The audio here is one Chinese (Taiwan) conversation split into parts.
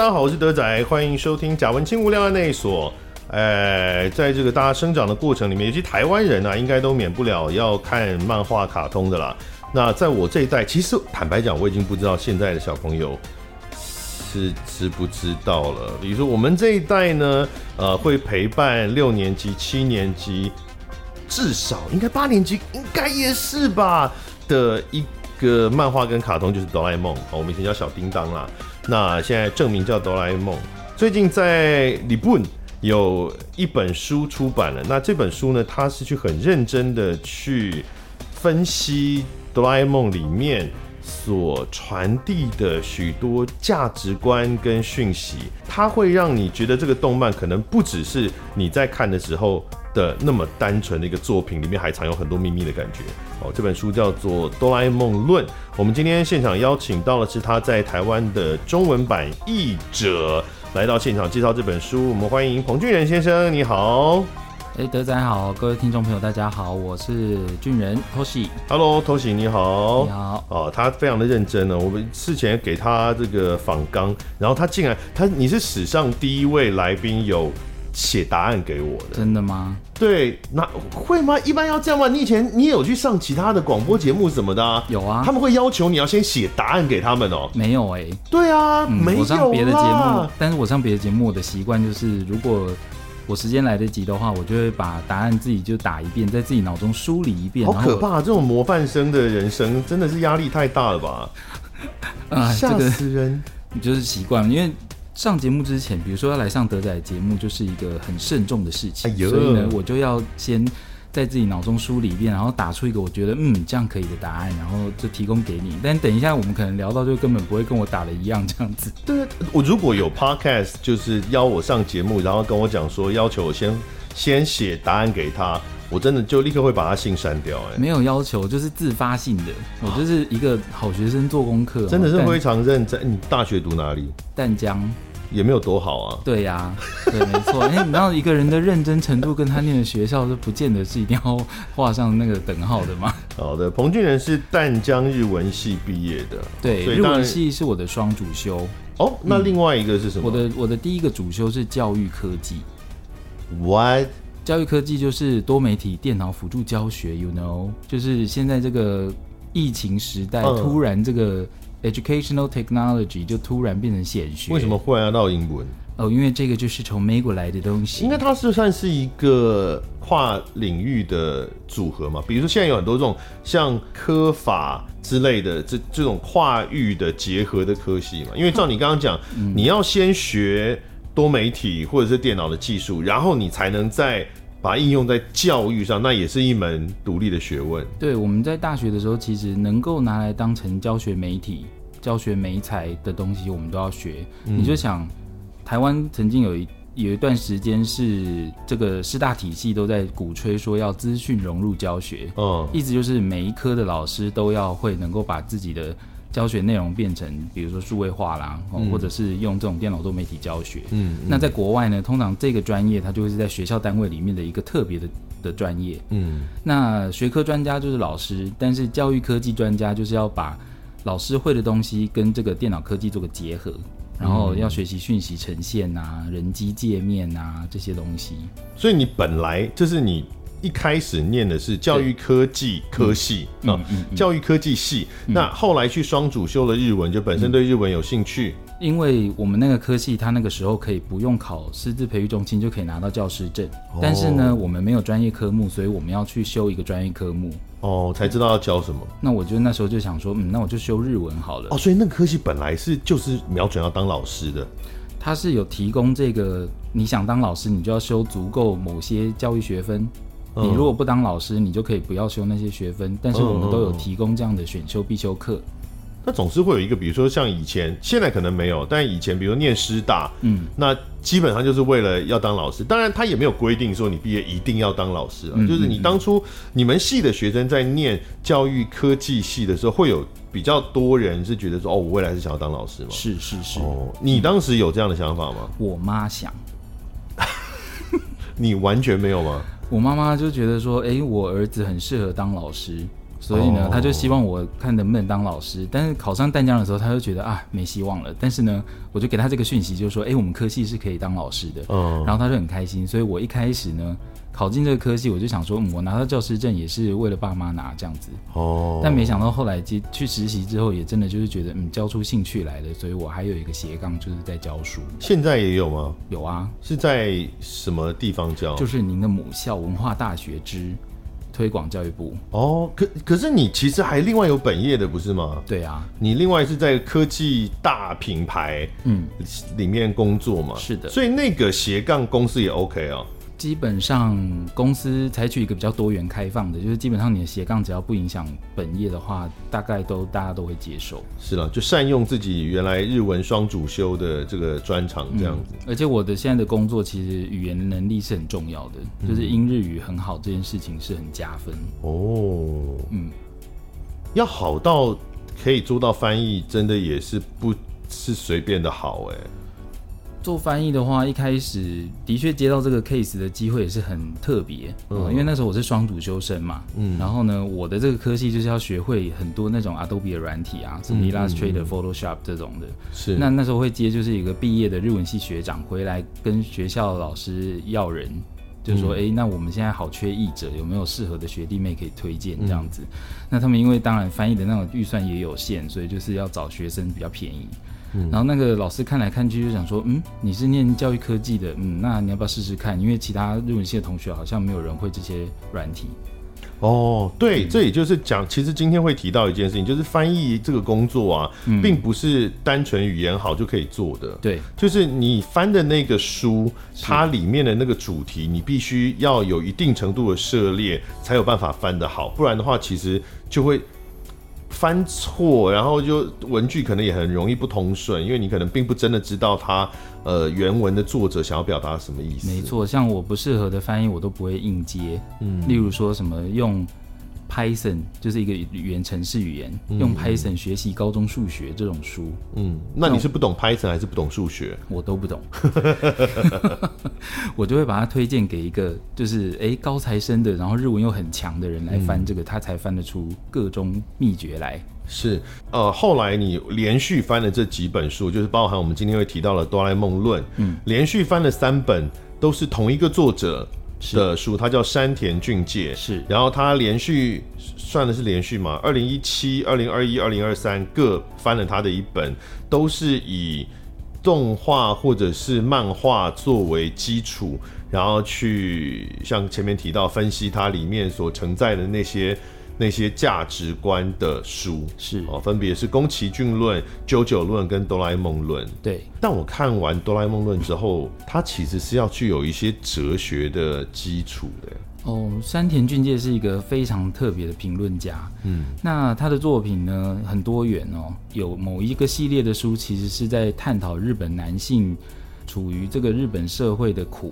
大家好，我是德仔，歡迎收聽《賈文青無量的那一所》哎。誒，在這個大家生長的過程裡面，尤其台灣人啊，應該都免不了要看漫畫、卡通的啦。那在我這一代，其實坦白講，我已經不知道現在的小朋友是知不知道了。比如說我們這一代呢，呃，會陪伴六年級、七年級，至少應該八年級，應該也是吧的一個漫畫跟卡通，就是哆啦 A 夢。哦，我們以前叫小叮噹啦。那現在正名叫哆啦 A 夢，最近在日本有一本書出版了。那這本書呢，它是去很認真的去分析哆啦 A 夢裡面。所傳遞的許多價值觀跟訊息，它會讓你覺得這個動漫可能不只是你在看的時候的那麼單純的一個作品，裡面還藏有很多秘密的感覺。哦，這本書叫做《哆啦 A 夢論》，我們今天現場邀請到的是他在台灣的中文版譯者，來到現場介紹這本書。我們歡迎彭俊人先生，你好。哎，德仔好，各位聽眾朋友，大家好，我是俊人偷喜。h e l l o 偷喜。Hello, Toshi, 你好。你好。哦，他非常的認真了、哦。我們事前給他這個訪綱，然後他竟然他你是史上第一位來賓有寫答案給我的，真的嗎？對，那會嗎？一般要這樣嗎？你以前你有去上其他的廣播節目什麼的、啊？有啊，他們會要求你要先寫答案給他們哦。沒有哎、欸。對啊，嗯、沒有。我上別的節目，但是我上別的節目我的習慣就是如果。我時間來得及的話，我就會把答案自己就打一遍，在自己腦中梳理一遍。好可怕、啊！這種模範生的人生真的是壓力太大了吧？ 啊，嚇死人！你、這個、就是習慣了，因為上節目之前，比如說要來上德仔節目，就是一個很慎重的事情，哎、所以呢，我就要先。在自己腦中梳理一遍，然後打出一個我覺得嗯這樣可以的答案，然後就提供給你。但等一下我們可能聊到就根本不會跟我打的一樣這樣子。對，對，對，我如果有 podcast 就是邀我上節目，然後跟我講說要求我先先寫答案給他，我真的就立刻會把他信刪掉、欸。哎，沒有要求，就是自發性的，我就是一個好學生做功課、啊，真的是非常認真。你大學讀哪裡？淡江。也沒有多好啊。對呀、啊，對，沒錯。因為你知道，一個人的認真程度跟他念的學校是不見得是一定要畫上那個等號的嘛。好的，彭俊人是淡江日文系畢業的。對，日文系是我的雙主修。哦，那另外一個是什麼？嗯、我的我的第一個主修是教育科技。What？教育科技就是多媒體、電腦輔助教學，You know，就是現在這個疫情時代，突然這個、嗯。Educational technology 就突然變成顯學，為什麼忽然要到英文？哦，因為這個就是從美國來的東西，因為它是算是一個跨領域的組合嘛。比如說，現在有很多這種像科法之類的，這這種跨域的結合的科系嘛。因為照你剛剛講，你要先學多媒體或者是電腦的技術，然後你才能在。把應用在教育上，那也是一門獨立的學問。對，我們在大學的時候，其實能夠拿來當成教學媒體、教學媒材的東西，我們都要學。嗯、你就想，台灣曾經有一有一段時間是這個師大體系都在鼓吹說要資訊融入教學，嗯，意思就是每一科的老師都要會能夠把自己的。教學內容變成，比如說數位化啦、嗯，或者是用這種電腦多媒體教學嗯。嗯，那在國外呢，通常這個專業它就會是在學校單位裡面的一個特別的的專業。嗯，那學科專家就是老師，但是教育科技專家就是要把老師會的東西跟這個電腦科技做個結合，然後要學習訊息呈現啊、嗯、人機界面啊這些東西。所以你本來就是你，一開始念的是教育科技科系，嗯嗯、教育科技系。嗯，那後來去雙主修了日文，嗯,就本身對日文有興趣。因為我們那個科系,它那個時候可以不用考師資培育中心就可以拿到教師證。哦，但是呢，我們沒有專業科目，所以我們要去修一個專業科目。哦，才知道要教什麼。那我就那時候就想說，嗯，那我就修日文好了。哦，所以那個科系本來是就是瞄準要當老師的，他是有提供這個，你想當老師，你就要修足夠某些教育學分。你如果不當老師、嗯，你就可以不要修那些學分、嗯。但是我們都有提供這樣的選修必修課。那總是會有一個，比如說像以前，現在可能沒有，但以前，比如說念師大，嗯，那基本上就是為了要當老師。當然，他也沒有規定說你畢業一定要當老師啊、嗯嗯嗯。就是你當初你們系的學生在念教育科技系的時候，會有比較多人是覺得說，哦，我未來是想要當老師嗎？是是是。哦、你當時有這樣的想法嗎？嗯、我媽想。 你完全沒有嗎？我媽媽就覺得說，哎、欸，我兒子很適合當老師，所以呢，Oh. 他就希望我看能不能當老師。但是考上淡江的時候，他就覺得啊，沒希望了。但是呢，我就給他這個訊息，就是說，哎、欸，我們科系是可以當老師的，Oh. 然後他就很開心。所以我一開始呢。考進這個科系，我就想說，嗯，我拿到教師證也是為了爸媽拿這樣子。哦。但沒想到後來去實習之後，也真的就是覺得，嗯，教出興趣來的。所以我還有一個斜槓，就是在教書。現在也有嗎？有啊。是在什麼地方教？就是您的母校文化大學之推廣教育部。哦，可可是你其實還另外有本業的，不是嗎？對啊，你另外是在科技大品牌嗯裡面工作嘛？嗯，是的。所以那個斜槓公司也 OK 哦。基本上公司採取一個比較多元開放的，就是基本上你的斜槓只要不影響本業的話，大概都大家都會接受。是了、啊，就善用自己原來日文雙主修的這個專長這樣子、嗯。而且我的現在的工作其實語言能力是很重要的、嗯，就是英日語很好這件事情是很加分。哦，嗯，要好到可以做到翻譯，真的也是不是隨便的好哎。做翻譯的話，一開始的確接到這個 case 的機會也是很特別，嗯，因為那時候我是雙主修生嘛，嗯，然後呢，我的這個科系就是要學會很多那種 Adobe 的軟體啊，嗯、什麼 Illustrator、嗯嗯、Photoshop 這種的，是。那那時候會接，就是一個畢業的日文系學長回來跟學校老師要人，就說，哎、嗯欸，那我們現在好缺譯者，有沒有適合的學弟妹可以推薦？這樣子、嗯，那他們因為當然翻譯的那種預算也有限，所以就是要找學生比較便宜。然後那個老師看來看去就想說，嗯，你是念教育科技的，嗯，那你要不要試試看？因為其他日文系的同學好像沒有人會這些軟體。哦，對，嗯、這也就是講，其實今天會提到一件事情，就是翻譯這個工作啊，並不是單純語言好就可以做的。對、嗯，就是你翻的那個書，它裡面的那個主題，你必須要有一定程度的涉獵，才有辦法翻得好。不然的話，其實就會。翻錯，然後就文句可能也很容易不通順，因為你可能並不真的知道他，呃，原文的作者想要表達什麼意思。沒錯，像我不適合的翻譯，我都不會硬接。嗯，例如說什麼用，Python 就是一個語言，程式語言，嗯、用 Python 學習高中數學這種書，嗯，那你是不懂 Python 還是不懂數學？我，我都不懂， 我就會把它推薦給一個就是誒、欸、高材生的，然後日文又很強的人來翻這個，嗯、他才翻得出各種秘訣來。是，呃，後來你連續翻了這幾本書，就是包含我們今天會提到的《哆啦 A 夢論》，嗯，連續翻了三本都是同一個作者。的書，他叫山田俊介，是，然後他連續算的是連續嘛，二零一七、二零二一、二零二三各翻了他的一本，都是以動畫或者是漫畫作為基礎，然後去像前面提到分析它裡面所承載的那些。那些價值觀的書是哦，分別是《宮崎駿論》《九九論》跟《哆啦 A 夢論》。對，但我看完《哆啦 A 夢論》之後，它其實是要具有一些哲學的基礎的。哦，山田俊介是一個非常特別的評論家。嗯，那他的作品呢，很多元哦，有某一個系列的書，其實是在探討日本男性處於這個日本社會的苦。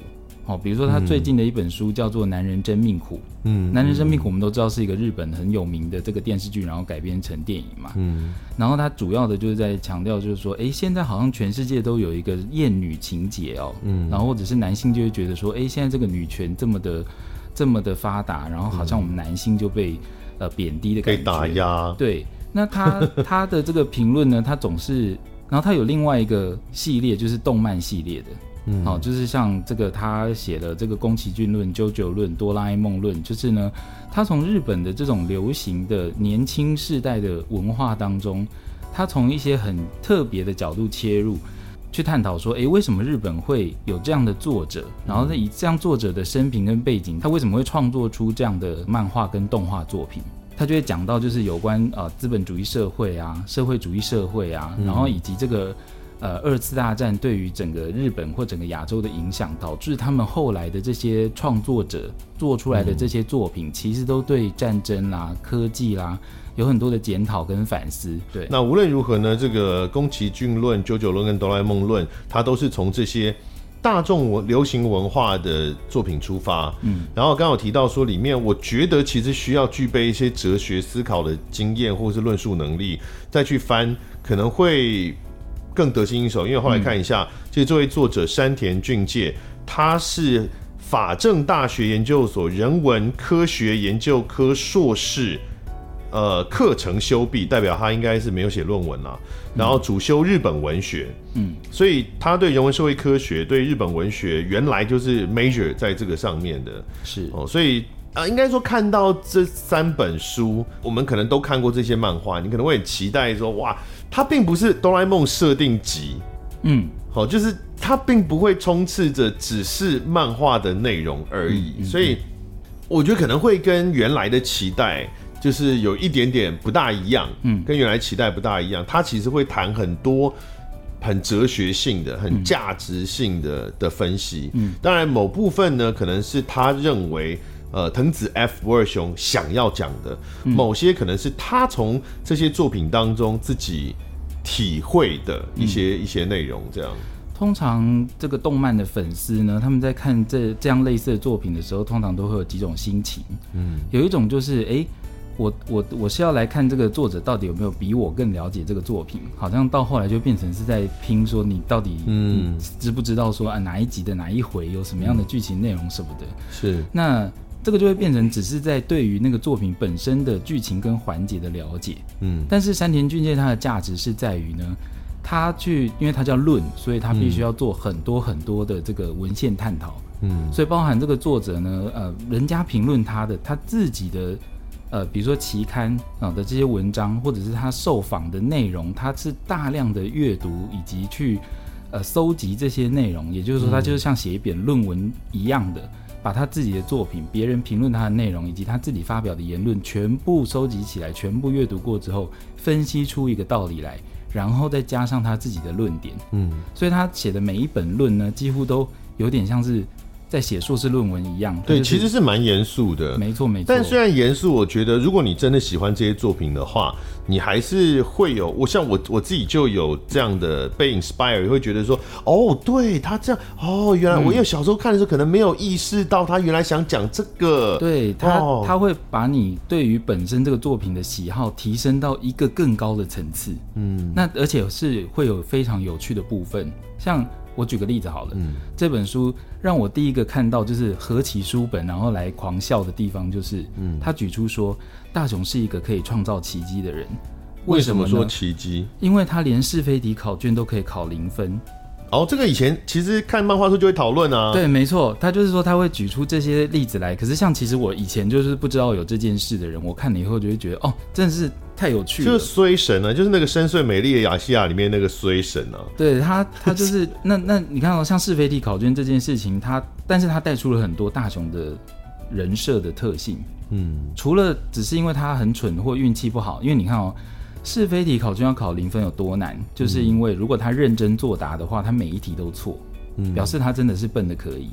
哦，比如說他最近的一本書叫做男、嗯《男人真命苦》，嗯，《男人真命苦》我們都知道是一個日本很有名的這個電視劇，然後改編成電影嘛，嗯，然後他主要的就是在強調，就是說，哎、欸，現在好像全世界都有一個厭女情節哦、喔，嗯，然後或者是男性就會覺得說，哎、欸，現在這個女權這麼的，這麼的發達，然後好像我們男性就被、嗯、呃貶低的感覺，被打壓，對，那他 他的這個評論呢，他總是，然後他有另外一個系列，就是動漫系列的。嗯、好，就是像這個他寫的這個《宮崎駿論》《JOJO 論》《哆啦 A 夢論》，就是呢，他從日本的這種流行的年輕世代的文化當中，他從一些很特別的角度切入，去探討說，誒、欸，為什麼日本會有這樣的作者？然後以這樣作者的生平跟背景，他為什麼會創作出這樣的漫畫跟動畫作品？他就會講到就是有關啊、呃、資本主義社會啊、社會主義社會啊，然後以及這個。呃，二次大戰對於整個日本或整個亞洲的影響，導致他們後來的這些創作者做出來的這些作品，嗯、其實都對戰爭啦、啊、科技啦、啊、有很多的檢討跟反思。對，那無論如何呢，這個宮崎駿論、九九論跟哆啦 A 夢論，它都是從這些大眾文、流行文化的作品出發。嗯，然後剛剛有提到說，裡面我覺得其實需要具備一些哲學思考的經驗或是論述能力，再去翻可能會。更得心應手，因為後來看一下、嗯，其實這位作者山田俊介，他是法政大學研究所人文科學研究科碩士，呃，課程修畢，代表他應該是沒有寫論文啊，然後主修日本文學，嗯，所以他對人文社會科學、對日本文學，原來就是 major 在這個上面的，是哦、呃。所以啊、呃，應該說看到這三本書，我們可能都看過這些漫畫，你可能會很期待說，哇。它並不是哆啦 A 夢設定集，嗯，好、哦，就是它並不會充斥着只是漫畫的內容而已、嗯嗯嗯，所以我覺得可能會跟原來的期待就是有一點點不大一樣，嗯，跟原來期待不大一樣，它其實會談很多很哲學性的、很價值性的、嗯、的分析，嗯，當然某部分呢，可能是他認為。呃，藤子 F 不二雄想要講的某些，可能是他從這些作品當中自己體會的一些、嗯、一些內容。這樣，通常這個動漫的粉絲呢，他們在看這這樣類似的作品的時候，通常都會有幾種心情。嗯，有一種就是，哎、欸，我我我是要來看這個作者到底有沒有比我更了解這個作品。好像到後來就變成是在拼說你到底嗯，嗯知不知道說啊哪一集的哪一回有什麼樣的劇情內容什麼的。是那。這個就會變成只是在對於那個作品本身的劇情跟環節的了解，嗯，但是山田俊介他的價值是在於呢，他去，因為他叫論，所以他必須要做很多很多的這個文獻探討，嗯，所以包含這個作者呢，呃，人家評論他的，他自己的，呃，比如說期刊啊，呃，的這些文章，或者是他受訪的內容，他是大量的閱讀以及去，呃，搜集這些內容，也就是說，他就是像寫一篇論文一樣的。嗯把他自己的作品、別人評論他的內容，以及他自己發表的言論，全部收集起來，全部閱讀過之後，分析出一個道理來，然後再加上他自己的論點。嗯，所以他寫的每一本論呢，幾乎都有點像是。在寫碩士論文一樣，對，就是、其實是蠻嚴肅的，沒錯沒錯。但雖然嚴肅，我覺得如果你真的喜歡這些作品的話，你還是會有我像我我自己就有這樣的被 inspire，也會覺得說哦，對，他這樣哦，原來我因為小時候看的時候可能沒有意識到他原來想講這個，嗯、對他、哦、他會把你對於本身這個作品的喜好提升到一個更高的層次，嗯，那而且是會有非常有趣的部分，像。我舉個例子好了，嗯，這本書讓我第一個看到就是合起書本，然後來狂笑的地方就是，他、嗯、舉出說大雄是一個可以創造奇蹟的人，為什麼，為什麼說奇蹟？因為他連是非題考卷都可以考零分。哦，這個以前其實看漫畫書就會討論啊。對，沒錯，他就是說他會舉出這些例子來。可是像其實我以前就是不知道有這件事的人，我看了以後就會覺得，哦，真的是太有趣了。就是衰神啊，就是那個深邃美麗的亞細亞裡面那個衰神啊。對他，他就是 那那你看哦，像是非題考卷這件事情，他但是他帶出了很多大雄的人設的特性。嗯，除了只是因為他很蠢或運氣不好，因為你看哦。是非題考卷要考零分有多難？就是因為如果他認真作答的話，他每一題都錯，表示他真的是笨的可以。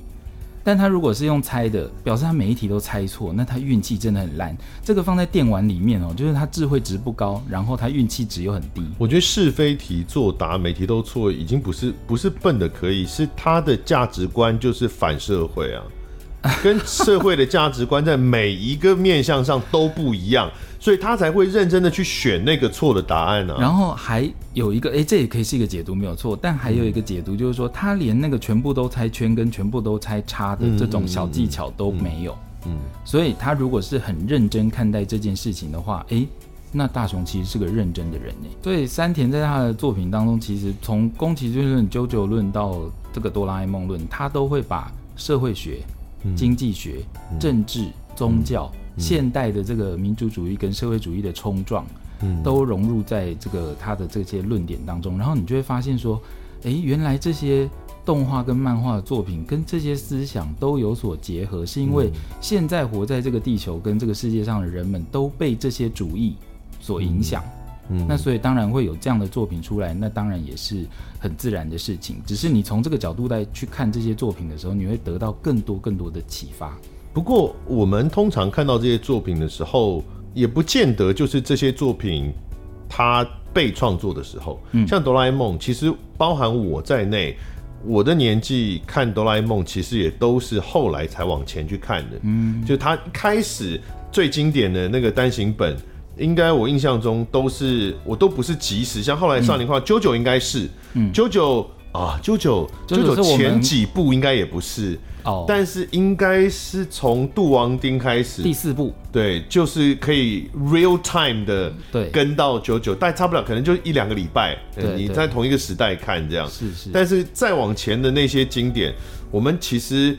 但他如果是用猜的，表示他每一題都猜錯，那他運氣真的很爛。這個放在電玩裡面哦，就是他智慧值不高，然後他運氣值又很低。我覺得是非題作答每題都錯，已經不是不是笨的可以，是他的價值觀就是反社會啊，跟社會的價值觀在每一個面向上都不一樣。 所以他才會認真的去選那個錯的答案呢、啊。然後還有一個，哎、欸，這也可以是一個解讀沒有錯，但還有一個解讀就是說，他連那個全部都猜圈跟全部都猜叉的這種小技巧都沒有嗯嗯嗯。嗯，所以他如果是很認真看待這件事情的話，哎、欸，那大雄其實是個認真的人呢。所以山田在他的作品當中，其實從《宮崎駿論 JOJO 論》到這個《哆啦 A 夢論》，他都會把社會學、經濟學、嗯嗯、政治、宗教。嗯現代的這個民族主，主義跟社會主義的衝撞，嗯，都融入在這個他的這些論點當中。然後你就會發現說，哎、欸，原來這些動畫跟漫畫的作品跟這些思想都有所結合，是因為現在活在這個地球跟這個世界上的人們都被這些主義所影響。嗯，嗯，那所以當然會有這樣的作品出來，那當然也是很自然的事情。只是你從這個角度來去看這些作品的時候，你會得到更多更多的啟發。不過，我們通常看到這些作品的時候，也不見得就是這些作品他被創作的時候像。像哆啦 A 夢，其實包含我在內，我的年紀看哆啦 A 夢，其實也都是後來才往前去看的。嗯，就他開始最經典的那個單行本，應該我印象中都是，我都不是即時。像後來少年畫九九應該是，九九。啊，JoJo、JoJo 前幾部應該也不是哦，但是應該是從《杜王丁》開始第四部，對，就是可以 real time 的 Jojo、嗯、對，跟到 JoJo，但差不了，可能就一兩個禮拜對。對，你在同一個時代看這樣是是，但是再往前的那些經典，是是我們其實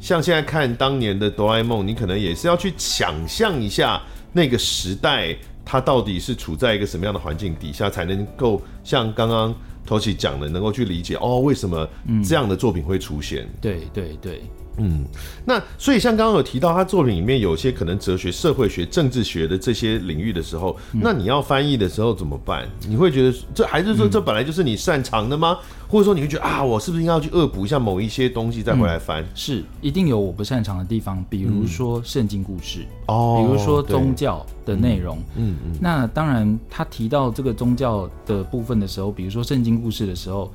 像現在看當年的《哆啦 A 夢》，你可能也是要去想象一下那個時代，它到底是處在一個什麼樣的環境底下，才能夠像剛剛。說起講的能夠去理解哦，為什麼這樣的作品會出現？嗯，對對對。嗯，那所以像剛剛有提到他作品裡面有些可能哲學、社會學、政治學的這些領域的時候，嗯、那你要翻譯的時候怎麼辦、嗯？你會覺得這還是說這本來就是你擅長的嗎？嗯、或者說你會覺得啊，我是不是應該要去惡補一下某一些東西再回來翻、嗯？是，一定有我不擅長的地方，比如說聖經故事，哦、嗯，比如說宗教的內容。嗯嗯，嗯。那當然，他提到這個宗教的部分的時候，比如說聖經故事的時候，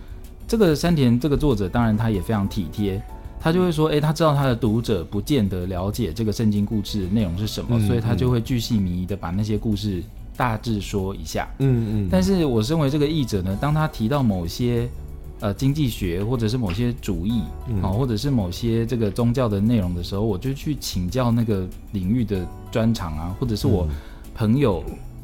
這個山田這個作者當然他也非常體貼。他就會說，欸：“他知道他的讀者不見得了解這個聖經故事的內容是什麼，嗯嗯，所以他就會巨細靡遺的把那些故事大致說一下。嗯”嗯嗯。但是，我身為這個譯者呢，當他提到某些呃經濟學或者是某些主義啊、嗯哦，或者是某些這個宗教的內容的時候，我就去請教那個領域的專長啊，或者是我朋友。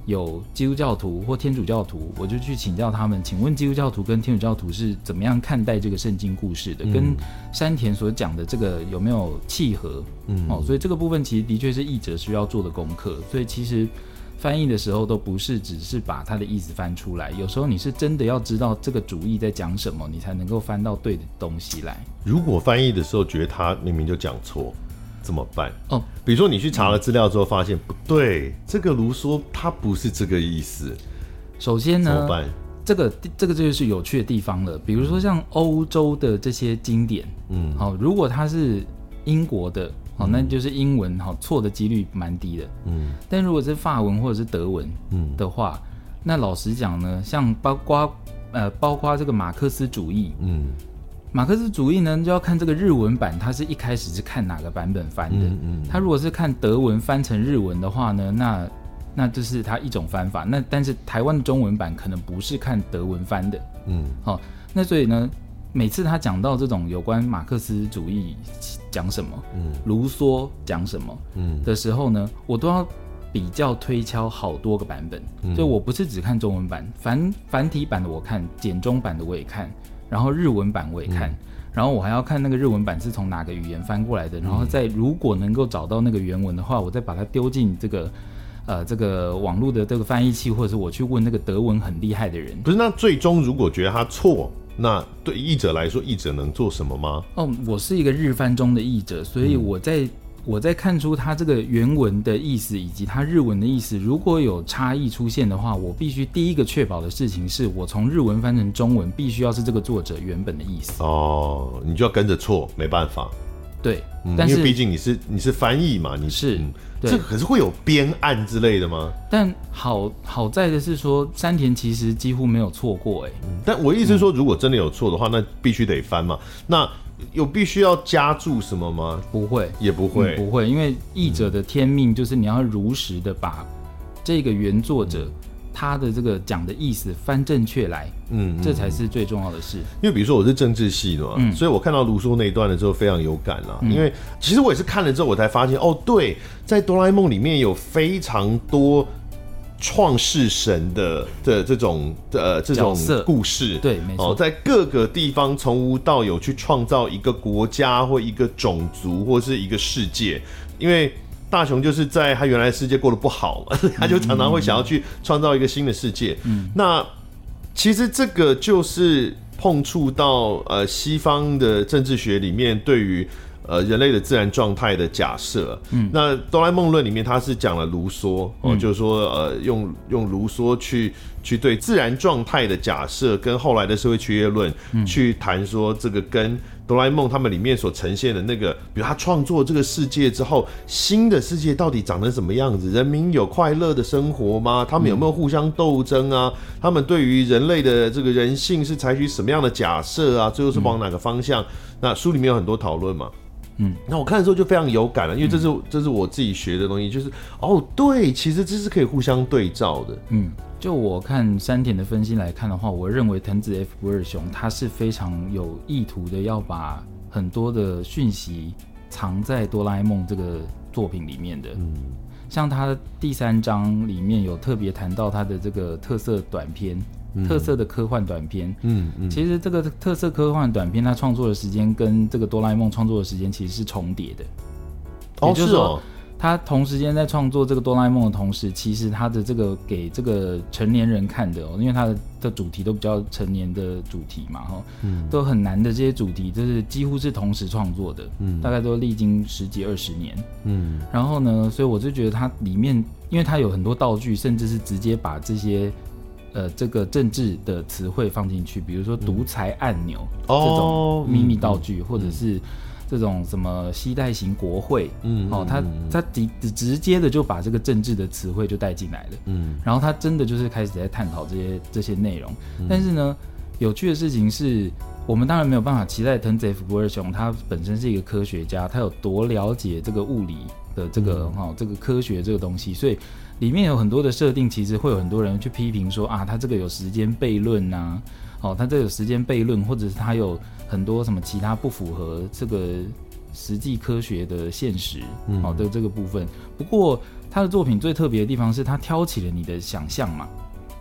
有基督教徒、或天主教徒，我就去請教他們。請問基督教徒跟天主教徒是怎麼樣看待這個聖經故事的？跟山田所講的這個有沒有契合？嗯，哦，所以這個部分其實的確是譯者需要做的功課。所以其實翻譯的時候都不是只是把他的意思翻出來，有時候你是真的要知道這個主意在講什麼，你才能夠翻到對的東西來。如果翻譯的時候覺得他明明就講錯。怎麼辦？哦，比如說你去查了資料之後，發現不對，這個盧梭他不是這個意思。首先呢，怎麼辦？這個這個就是有趣的地方了。比如說像歐洲的這些經典，嗯、哦，好，如果它是英國的，好、哦，那就是英文，好、哦，錯的幾率蠻低的，嗯。但如果是法文或者是德文，嗯的話，嗯、那老實講呢，像包括呃，包括這個馬克思主義，嗯。馬克思主義呢，就要看這個日文版，它是一開始是看哪個版本翻的。嗯、嗯，他如果是看德文翻成日文的話呢，那那就是他一種翻法。那但是台灣的中文版可能不是看德文翻的。嗯。好、哦，那所以呢，每次他講到這種有關馬克思主義講什麼，嗯，盧梭講什麼，嗯的時候呢，我都要比較推敲好多個版本，嗯，所以我不是只看中文版，繁繁體版的我看，簡中版的我也看。然後日文版我也看、嗯，然後我還要看那個日文版是從哪個語言翻過來的，然後再如果能夠找到那個原文的話，嗯、我再把它丟進這個呃這個網絡的這個翻譯器，或者是我去問那個德文很厲害的人。不是，那最終如果覺得他錯，那對譯者來說，譯者能做什麼嗎？哦，我是一個日翻中的譯者，所以我在、嗯。我在看出他這個原文的意思，以及他日文的意思，如果有差異出現的話，我必須第一個確保的事情是，我從日文翻成中文，必須要是這個作者原本的意思。哦，你就要跟着錯，沒辦法。對，嗯、但是因為畢竟你是你是翻譯嘛，你是、嗯。這可是會有編案之類的嗎？但好好在的是說，山田其實幾乎沒有錯過哎、嗯。但我意思是說、嗯，如果真的有錯的話，那必須得翻嘛。那。有必須要加注什麼嗎？不會，也不會、嗯，不會，因為譯者的天命就是你要如實的把這個原作者、嗯、他的這個講的意思翻正確來，嗯，嗯，這才是最重要的事。因為比如說我是政治系的嘛、嗯，所以我看到盧梭那一段的時候非常有感啊、嗯。因為其實我也是看了之後我才發現，嗯、哦，對，在哆啦 A 夢裡面有非常多創世神的的這，這種、呃、這種故事，對，沒錯、哦，在各個地方從無到有去創造一個國家或一個種族或是一個世界，因為大雄就是在他原來世界過得不好，嗯、 他就常常會想要去創造一個新的世界。嗯，那其實這個就是碰觸到呃西方的政治學裡面對於。呃，人類的自然狀態的假設，嗯，那《哆啦 A 夢論》裡面他是講了盧梭，哦、嗯，就是說，呃，用用盧梭去去對自然狀態的假設，跟後來的社會契約論，去談說這個跟哆啦 A 夢他們裡面所呈現的那個，比如他創作這個世界之後，新的世界到底長得什麼樣子？人民有快樂的生活嗎？他們有沒有互相鬥爭啊？他們對於人類的這個人性是採取什麼樣的假設啊？最後是往哪個方向？嗯、那書裡面有很多討論嘛。嗯，那我看的時候就非常有感了，因為這是、嗯、這是我自己學的東西，就是哦，對，其實這是可以互相對照的。嗯，就我看山田的分析來看的話，我認為藤子 F 不二雄他是非常有意圖的要把很多的訊息藏在哆啦 A 夢這個作品裡面的。嗯，像他第三章裡面有特別談到他的這個特色短片。特色的科幻短片，嗯嗯，嗯，其實這個特色科幻短片，他創作的時間跟這個哆啦 A 夢創作的時間其實是重疊的，哦，是哦，他同時間在創作這個哆啦 A 夢的同時，其實他的這個給這個成年人看的，哦，因為他的的主題都比較成年的主題嘛，哈，都很難的這些主題，就是幾乎是同時創作的，嗯，大概都歷經十幾二十年，嗯，然後呢，所以我就覺得它裡面，因為它有很多道具，甚至是直接把這些。呃，這個政治的詞彙放進去，比如說獨裁按鈕、嗯、這種祕密道具、哦，或者是這種什麼西代型國會，嗯，哦，他他直直接的就把這個政治的詞彙就帶進來了，嗯，然後他真的就是開始在探討這些這些內容、嗯。但是呢，有趣的事情是我們當然沒有辦法期待藤子 F 不二雄，他本身是一個科學家，他有多了解這個物理的這個哈、嗯哦、這個科學這個東西，所以。裡面有很多的設定，其實會有很多人去批評說啊，他這個有時間悖論吶、啊，哦，他這個有時間悖論，或者是他有很多什麼其他不符合這個實際科學的現實，好、嗯哦、的這個部分。不過他的作品最特別的地方是他挑起了你的想象嘛。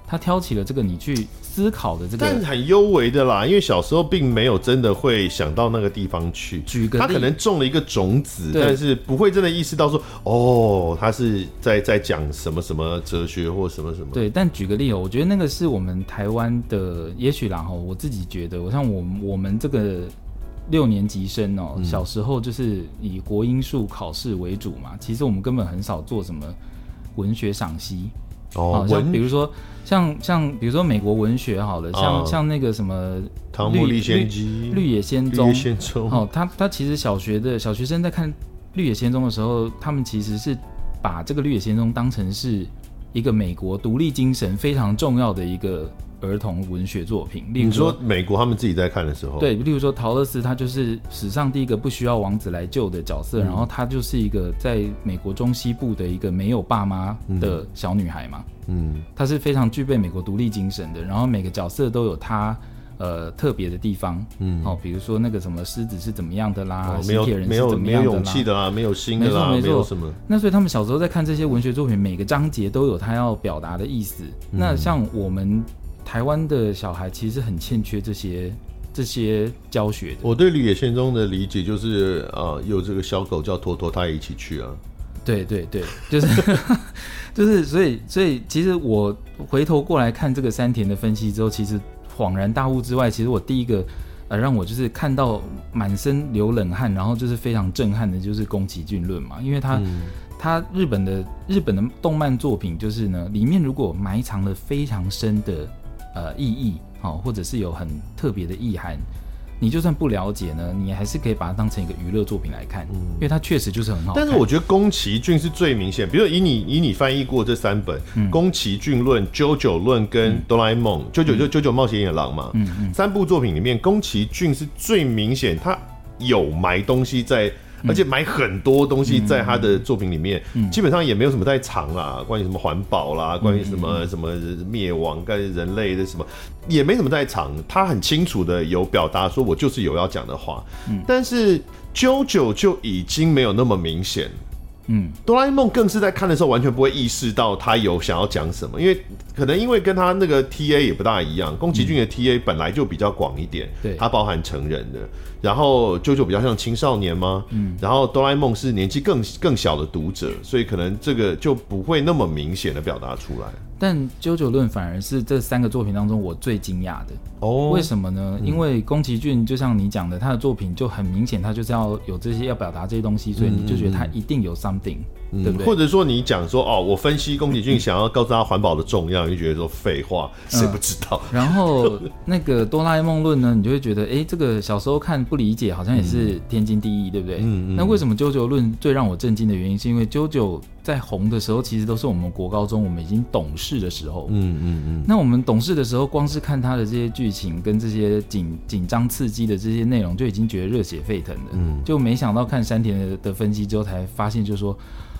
他挑起了這個你去思考的這個，但是很幽微的啦，因為小時候並沒有真的會想到那個地方去。舉個例，他可能種了一個種子，但是不會真的意識到說，哦，他是在在講什麼什麼哲學或什麼什麼。對，但舉個例哦，我覺得那個是我們台灣的，也許然後我自己覺得，我像我們我們這個六年級生哦，嗯，小時候就是以國英數考試為主嘛，其實我們根本很少做什麼文學賞析。哦，像比如說，像像比如說美國文學好了，像、啊、像那個什麼綠、《湯姆歷險記》《綠野仙蹤》《綠野仙蹤》哦，他他其實小學的小學生在看《綠野仙蹤》的時候，他們其實是把這個《綠野仙蹤》當成是一個美國獨立精神非常重要的一個。兒童文學作品，例如說，你說美國他們自己在看的時候，對，例如說桃樂絲，他就是史上第一個不需要王子來救的角色。嗯，然後他就是一個在美國中西部的一個沒有爸媽的小女孩嘛，嗯，她、嗯、是非常具備美國獨立精神的，然後每個角色，都有他呃特別的地方，嗯，好、哦，比如說那個什麼獅子是怎麼樣的啦，錫鐵、哦、人沒有，人是怎麼樣的沒有，沒有勇氣的啦，沒有心的啦，沒錯沒錯，沒有什麼。那所以他們小時候在看這些文學作品，每個章節都有他要表達的意思。嗯，那像我們。台灣的小孩其實很欠缺這些這些教學的。我對綠野仙蹤的理解就是，呃、啊，有這個小狗叫托托，他也一起去啊。對對對，就是 就是，所以所以，其實我回頭過來看這個山田的分析之後，其實恍然大悟之外，其實我第一個呃、啊、讓我就是看到滿身流冷汗，然後就是非常震撼的，就是宮崎駿論嘛，因為他、嗯、他日本的日本的動漫作品就是呢，裡面如果埋藏了非常深的。呃，意義好，或者是有很特別的意涵，你就算不了解呢，你還是可以把它當成一個娛樂作品來看，嗯、因為它確實就是很好。但是我覺得宮崎駿是最明顯，比如說以你以你翻譯過這三本《宮、嗯、崎駿論》論 Doraemon, 嗯《JOJO 論》跟、嗯《哆啦 A 夢》《JOJO 就 JOJO 冒險野狼》嘛，三部作品裡面，宮崎駿是最明顯，他有埋東西在。而且買很多東西，在他的作品裡面、嗯，基本上也沒有什麼在藏啦。嗯、關於什麼環保啦，嗯、關於什麼、嗯、什麼滅亡，關於人類的什麼，也沒什麼在藏。他很清楚的有表達，說我就是有要講的話、嗯。但是 Jojo 就已經沒有那麼明顯。嗯，哆啦 A 夢更是在看的時候完全不會意識到他有想要講什麼，因為可能因為跟他那個 TA 也不大一樣，宮崎駿的 TA 本來就比較廣一點，對，嗯，它包含成人的，然後就就比較像青少年嘛，嗯，然後哆啦 A 夢是年紀更更小的讀者，所以可能這個就不會那麼明顯的表達出來。但《JOJO 論》反而是這三個作品當中我最驚訝的哦，oh, 為什麼呢？嗯、因為宮崎駿就像你講的，他的作品就很明顯，他就是要有這些要表達這些東西，所以你就覺得他一定有 something。嗯嗯嗯對不對？或者說你講說哦，我分析宮崎駿想要告訴他環保的重要， 你就覺得說廢話，誰不知道？嗯、 然後那個哆啦 A 夢論呢，你就會覺得哎、欸，這個小時候看不理解，好像也是天經地義、嗯，對不對？嗯嗯。那為什麼啾啾論最讓我震驚的原因，是因為啾啾在紅的時候，其實都是我們國高中我們已經懂事的時候。嗯嗯嗯。那我們懂事的時候，光是看他的這些劇情跟這些緊緊張刺激的這些內容，就已經覺得熱血沸騰了。嗯。就沒想到看山田的分析之後，才發現就是說。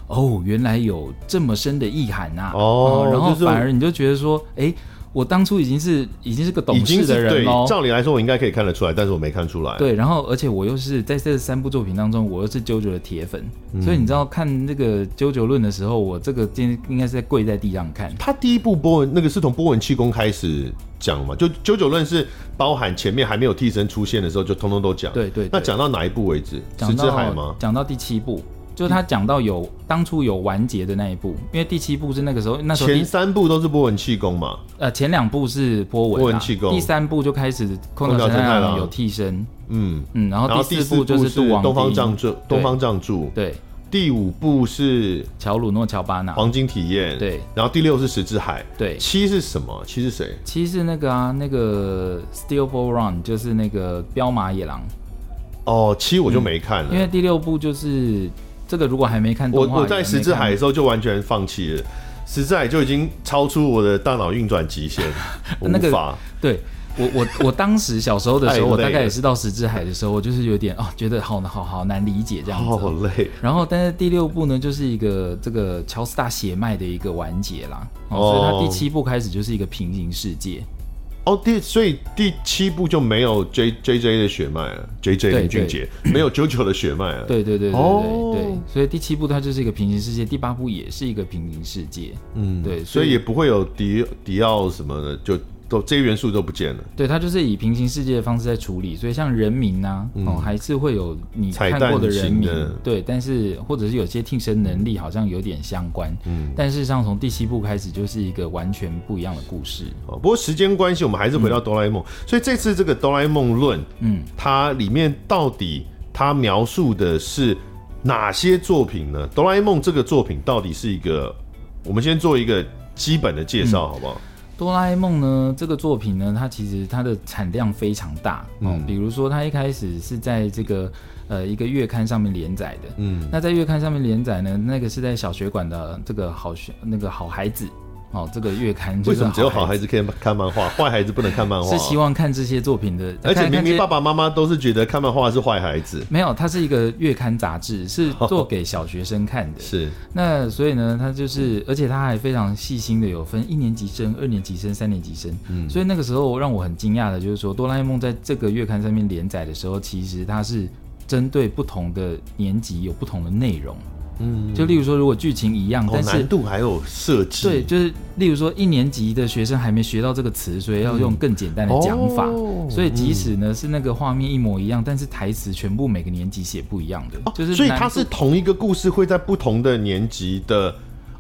哦，原來有這麼深的意涵啊！哦，嗯、然後反而你就覺得說，哎，我當初已經是已經是個懂事的人嘍。照理來說，我應該可以看得出來，但是我沒看出來。對，然後而且我又是在這三部作品當中，我又是 JoJo 的鐵粉、嗯，所以你知道看那個《JoJo 論》的時候，我這個今天應該是在跪在地上看。他第一部波紋那個是從波紋氣功開始講嘛？就《JoJo 論》是包含前面還沒有替身出現的時候，就通通都講。對,對對。那講到哪一部為止？講石之海嗎？講到第七部。就是他講到有當初有完結的那一部，因為第七部是那個時候，那時候前三部都是波紋氣功嘛。呃，前兩部是波紋，波紋氣功。第三部就開始空條承太郎有替身。嗯嗯，然後第四部就是杜王，第四部是東方仗助，東方仗助。對，第五部是喬魯諾喬巴納，黃金體驗。對，然後第六是十字海。對，七是什麼？七是誰？七是那個啊，那個 Steel Ball Run，就是那個彪馬野狼。哦，七我就沒看了，嗯、因為第六部就是。這個如果還沒看過的話，我在石之海的時候就完全放棄了，石之海就已經超出我的大腦運轉極限。 那個我無法，對，我我我當時小時候的時候，我大概也是到石之海的時候，我就是有點哦，覺得好好好難理解這樣子。好累。然後，但是第六部呢，就是一個這個喬斯達血脈的一個完結啦。哦，所以它第七部開始就是一個平行世界。哦，第所以第七部就沒有 J J J 的血脈了，J J 林俊傑沒有九九的血脈了，對對對對對，哦，對，所以第七部它就是一個平行世界，第八部也是一個平行世界，嗯，對，所以也不會有迪迪奧什麼的就。都這些元素都不見了，對，它就是以平行世界的方式在處理，所以像人名呢、啊，哦、嗯喔，還是會有你看過的人名，對，但是或者是有些替身能力好像有點相關，嗯，但是像從第七部開始就是一個完全不一樣的故事。嗯、不過時間關係，我們還是回到哆啦 A 夢，所以這次這個哆啦 A 夢論，嗯，它裡面到底它描述的是哪些作品呢？哆啦 A 夢這個作品到底是一個，我們先做一個基本的介紹、嗯，好不好？哆啦 A 夢呢，這個作品呢，它其實它的產量非常大。嗯，比如說它一開始是在這個呃一個月刊上面連載的。嗯，那在月刊上面連載呢，那個是在小學館的這個好學那個好孩子。哦，這個月刊為什麼只有好孩子可以看漫畫，壞 孩子不能看漫畫啊？是希望看這些作品的，而且明明爸爸媽媽都是覺得看漫畫是壞孩子看看，沒有，它是一個月刊雜誌，是做給小學生看的。哦。是，那所以呢，它就是，而且它還非常細心的有分一年級生、嗯、二年級生、三年級生。嗯，所以那個時候讓我很驚訝的就是說，哆啦 A 夢在這個月刊上面連載的時候，其實它是針對不同的年級有不同的內容。嗯，就例如說，如果劇情一樣，但是、哦、難度還有設計。對，就是例如說，一年級的學生還沒學到這個詞，所以要用更簡單的講法、嗯哦，所以即使呢、嗯、是那個畫面一模一樣，但是台詞全部每個年級寫不一樣的。哦、就是所以它是同一個故事會在不同的年級的。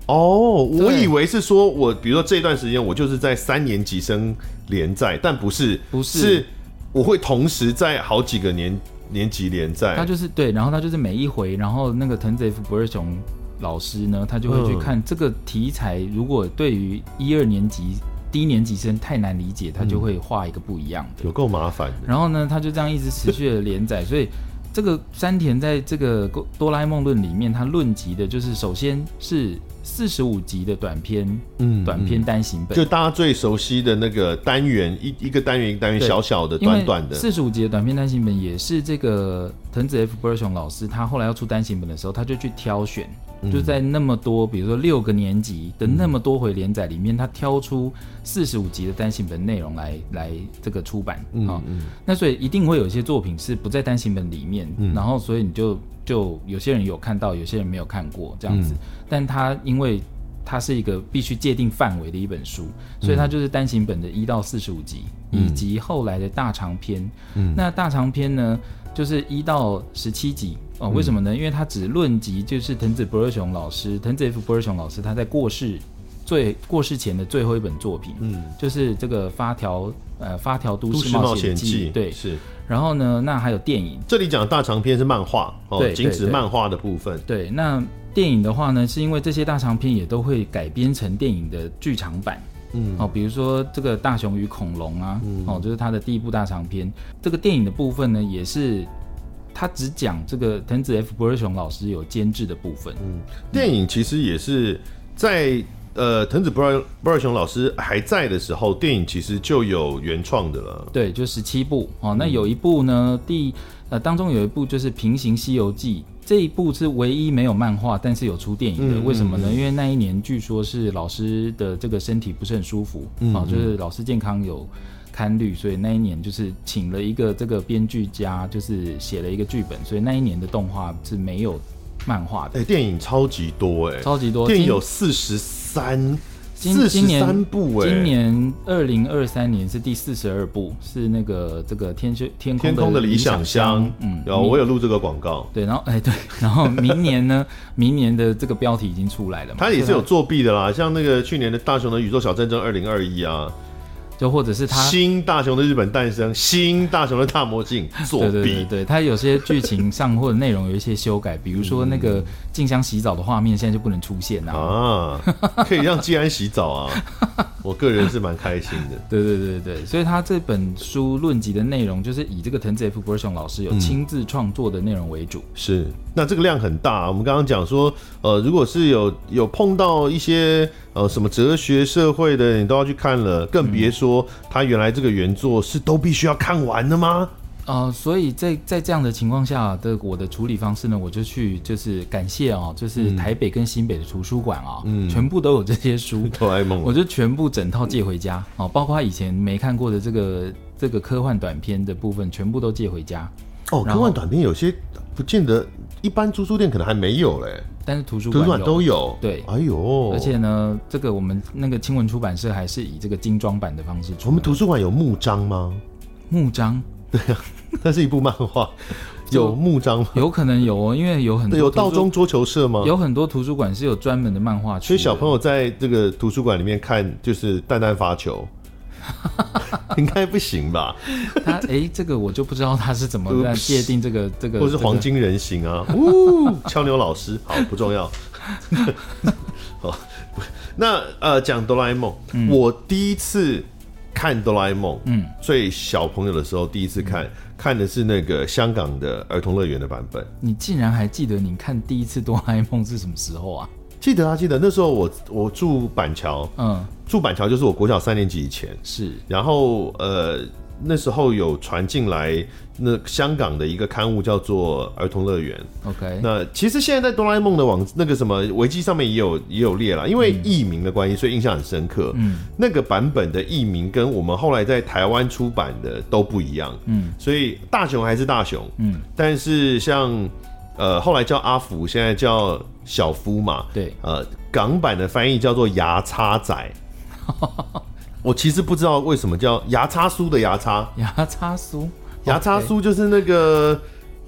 哦，我以為是說我比如說這段時間我就是在三年級生連載，但不是不是，是我會同時在好幾個年。年級連載，他就是對，然後他就是每一回，然後那個藤子 F 不二雄老師呢，他就會去看這個題材，嗯、如果對於一二年級、嗯、低年級生太難理解，他就會畫一個不一樣的，有夠麻煩的。然後呢，他就這樣一直持續的連載， 所以這個山田在這個《哆啦 A 夢論》裡面，他論及的就是首先是。四十五集的短篇、嗯，嗯，短篇單行本，就大家最熟悉的那個單元，一一個單元一個單元小小的、短短的。四十五集的短篇單行本也是這個藤子 F 不二雄老師，他後來要出單行本的時候，他就去挑選、嗯，就在那麼多，比如說六個年級的那麼多回連載裡面，他挑出四十五集的單行本內容來來這個出版啊、嗯哦嗯嗯。那所以一定會有一些作品是不在單行本裡面，嗯、然後所以你就。就有些人有看到，有些人沒有看過這樣子。嗯、但他因為它是一個必須界定範圍的一本書，嗯、所以它就是單行本的一到四十五集，嗯，以及後來的大長篇。嗯，那大長篇呢，就是一到十七集哦。為什麼呢？嗯、因為他只論及就是藤子不二雄老師、藤子 F 不二雄老師他在過世最過世前的最後一本作品，嗯，就是這個發條呃發條都市冒險記，記。對，是。然後呢，那還有電影。這裡講的大長篇是漫畫哦，僅指漫畫的部分。對對對。對，那電影的話呢，是因為這些大長篇也都會改編成電影的劇場版。嗯，哦，比如說這個《大雄與恐龍》啊，嗯，哦，就是他的第一部大長篇。這個電影的部分呢，也是他只講這個藤子 F 不二雄老師有監制的部分。嗯，電影其實也是在。呃，藤子不二不二雄老師還在的時候，電影其實就有原創的了。對，就十七部哦、喔，那有一部呢，嗯、第呃當中有一部就是《平行西遊記》，這一部是唯一沒有漫畫，但是有出電影的、嗯。為什麼呢？因為那一年據說是老師的這個身體不是很舒服啊、嗯喔，就是老師健康有堪慮，所以那一年就是請了一個這個編劇家，就是寫了一個劇本，所以那一年的動畫是沒有漫畫的。哎、欸，電影超級多哎、欸，超級多電影有四十四。三，四十三、欸、今年，三部哎，今年二零二三年是第四十二部，是那個這個天空，天空的理想鄉，嗯，然後我有錄這個廣告，對，然後哎、欸、對，然後明年呢， 明年的這個標題已經出來了嘛，他也是有作弊的啦，像那個去年的大雄的宇宙小戰爭二零二一啊。就或者是他新大雄的日本誕生、新大雄的大魔鏡，對對對，對，對，他有些劇情上或者內容有一些修改， 比如說那個靜香洗澡的畫面現在就不能出現啊，啊可以讓靜安洗澡啊， 我個人是蠻開心的， 對對對對，所以他這本書論集的內容就是以這個藤子 F 不二雄老師有親自創作的內容為主。嗯，是，那這個量很大，我們剛剛講說，呃，如果是有有碰到一些。呃，什麼哲學、社會的，你都要去看了，更別說他原來這個原作是都必須要看完的嗎？啊、嗯、呃，所以在在這樣的情況下的我的處理方式呢，我就去就是感謝哦、喔，就是台北跟新北的圖書館哦、喔嗯，全部都有這些書、嗯，我就全部整套借回家哦、嗯，包括他以前沒看過的這個這個科幻短片的部分，全部都借回家哦。科幻短片有些不見得，一般租書店可能還沒有嘞。但是圖書館都有，對，哎呦，而且呢，這個我們那個青文出版社還是以這個精裝版的方式出版。我們圖書館有木章嗎？木章？對啊，那是一部漫畫，有木章嗎？有可能有哦，因為有很多，有道中桌球社嗎？有很多圖書館是有專門的漫畫區，所以小朋友在這個圖書館裡面看，就是蛋蛋發球。 應該不行吧？他哎、欸，這個我就不知道他是怎麼來界定這個、呃、不這個。或是黃金人形啊？哦、 呃，敲牛老師，好，不重要。 好，那呃，講哆啦 A 夢、嗯，我第一次看哆啦 A 夢，嗯，最小朋友的時候第一次看，嗯、看的是那個香港的兒童樂園的版本。你竟然還記得你看第一次哆啦 A 夢是什麼時候啊？記得啊，記得那時候我我住板橋，嗯，住板橋就是我國小三年級以前，是。然後呃，那時候有傳進來那香港的一個刊物叫做《兒童樂園》，OK。那其實現在在哆啦 A 夢的網那個什麼維基上面也有也有列了，因為譯名的關係，嗯，所以印象很深刻。嗯，那個版本的譯名跟我們後來在台灣出版的都不一樣。嗯，所以大雄還是大雄。嗯，但是像。呃，後來叫阿福，現在叫小夫嘛。對，呃，港版的翻譯叫做牙叉仔。 我其實不知道為什麼叫牙叉叔，的牙叉。牙叉叔，牙叉叔就是那個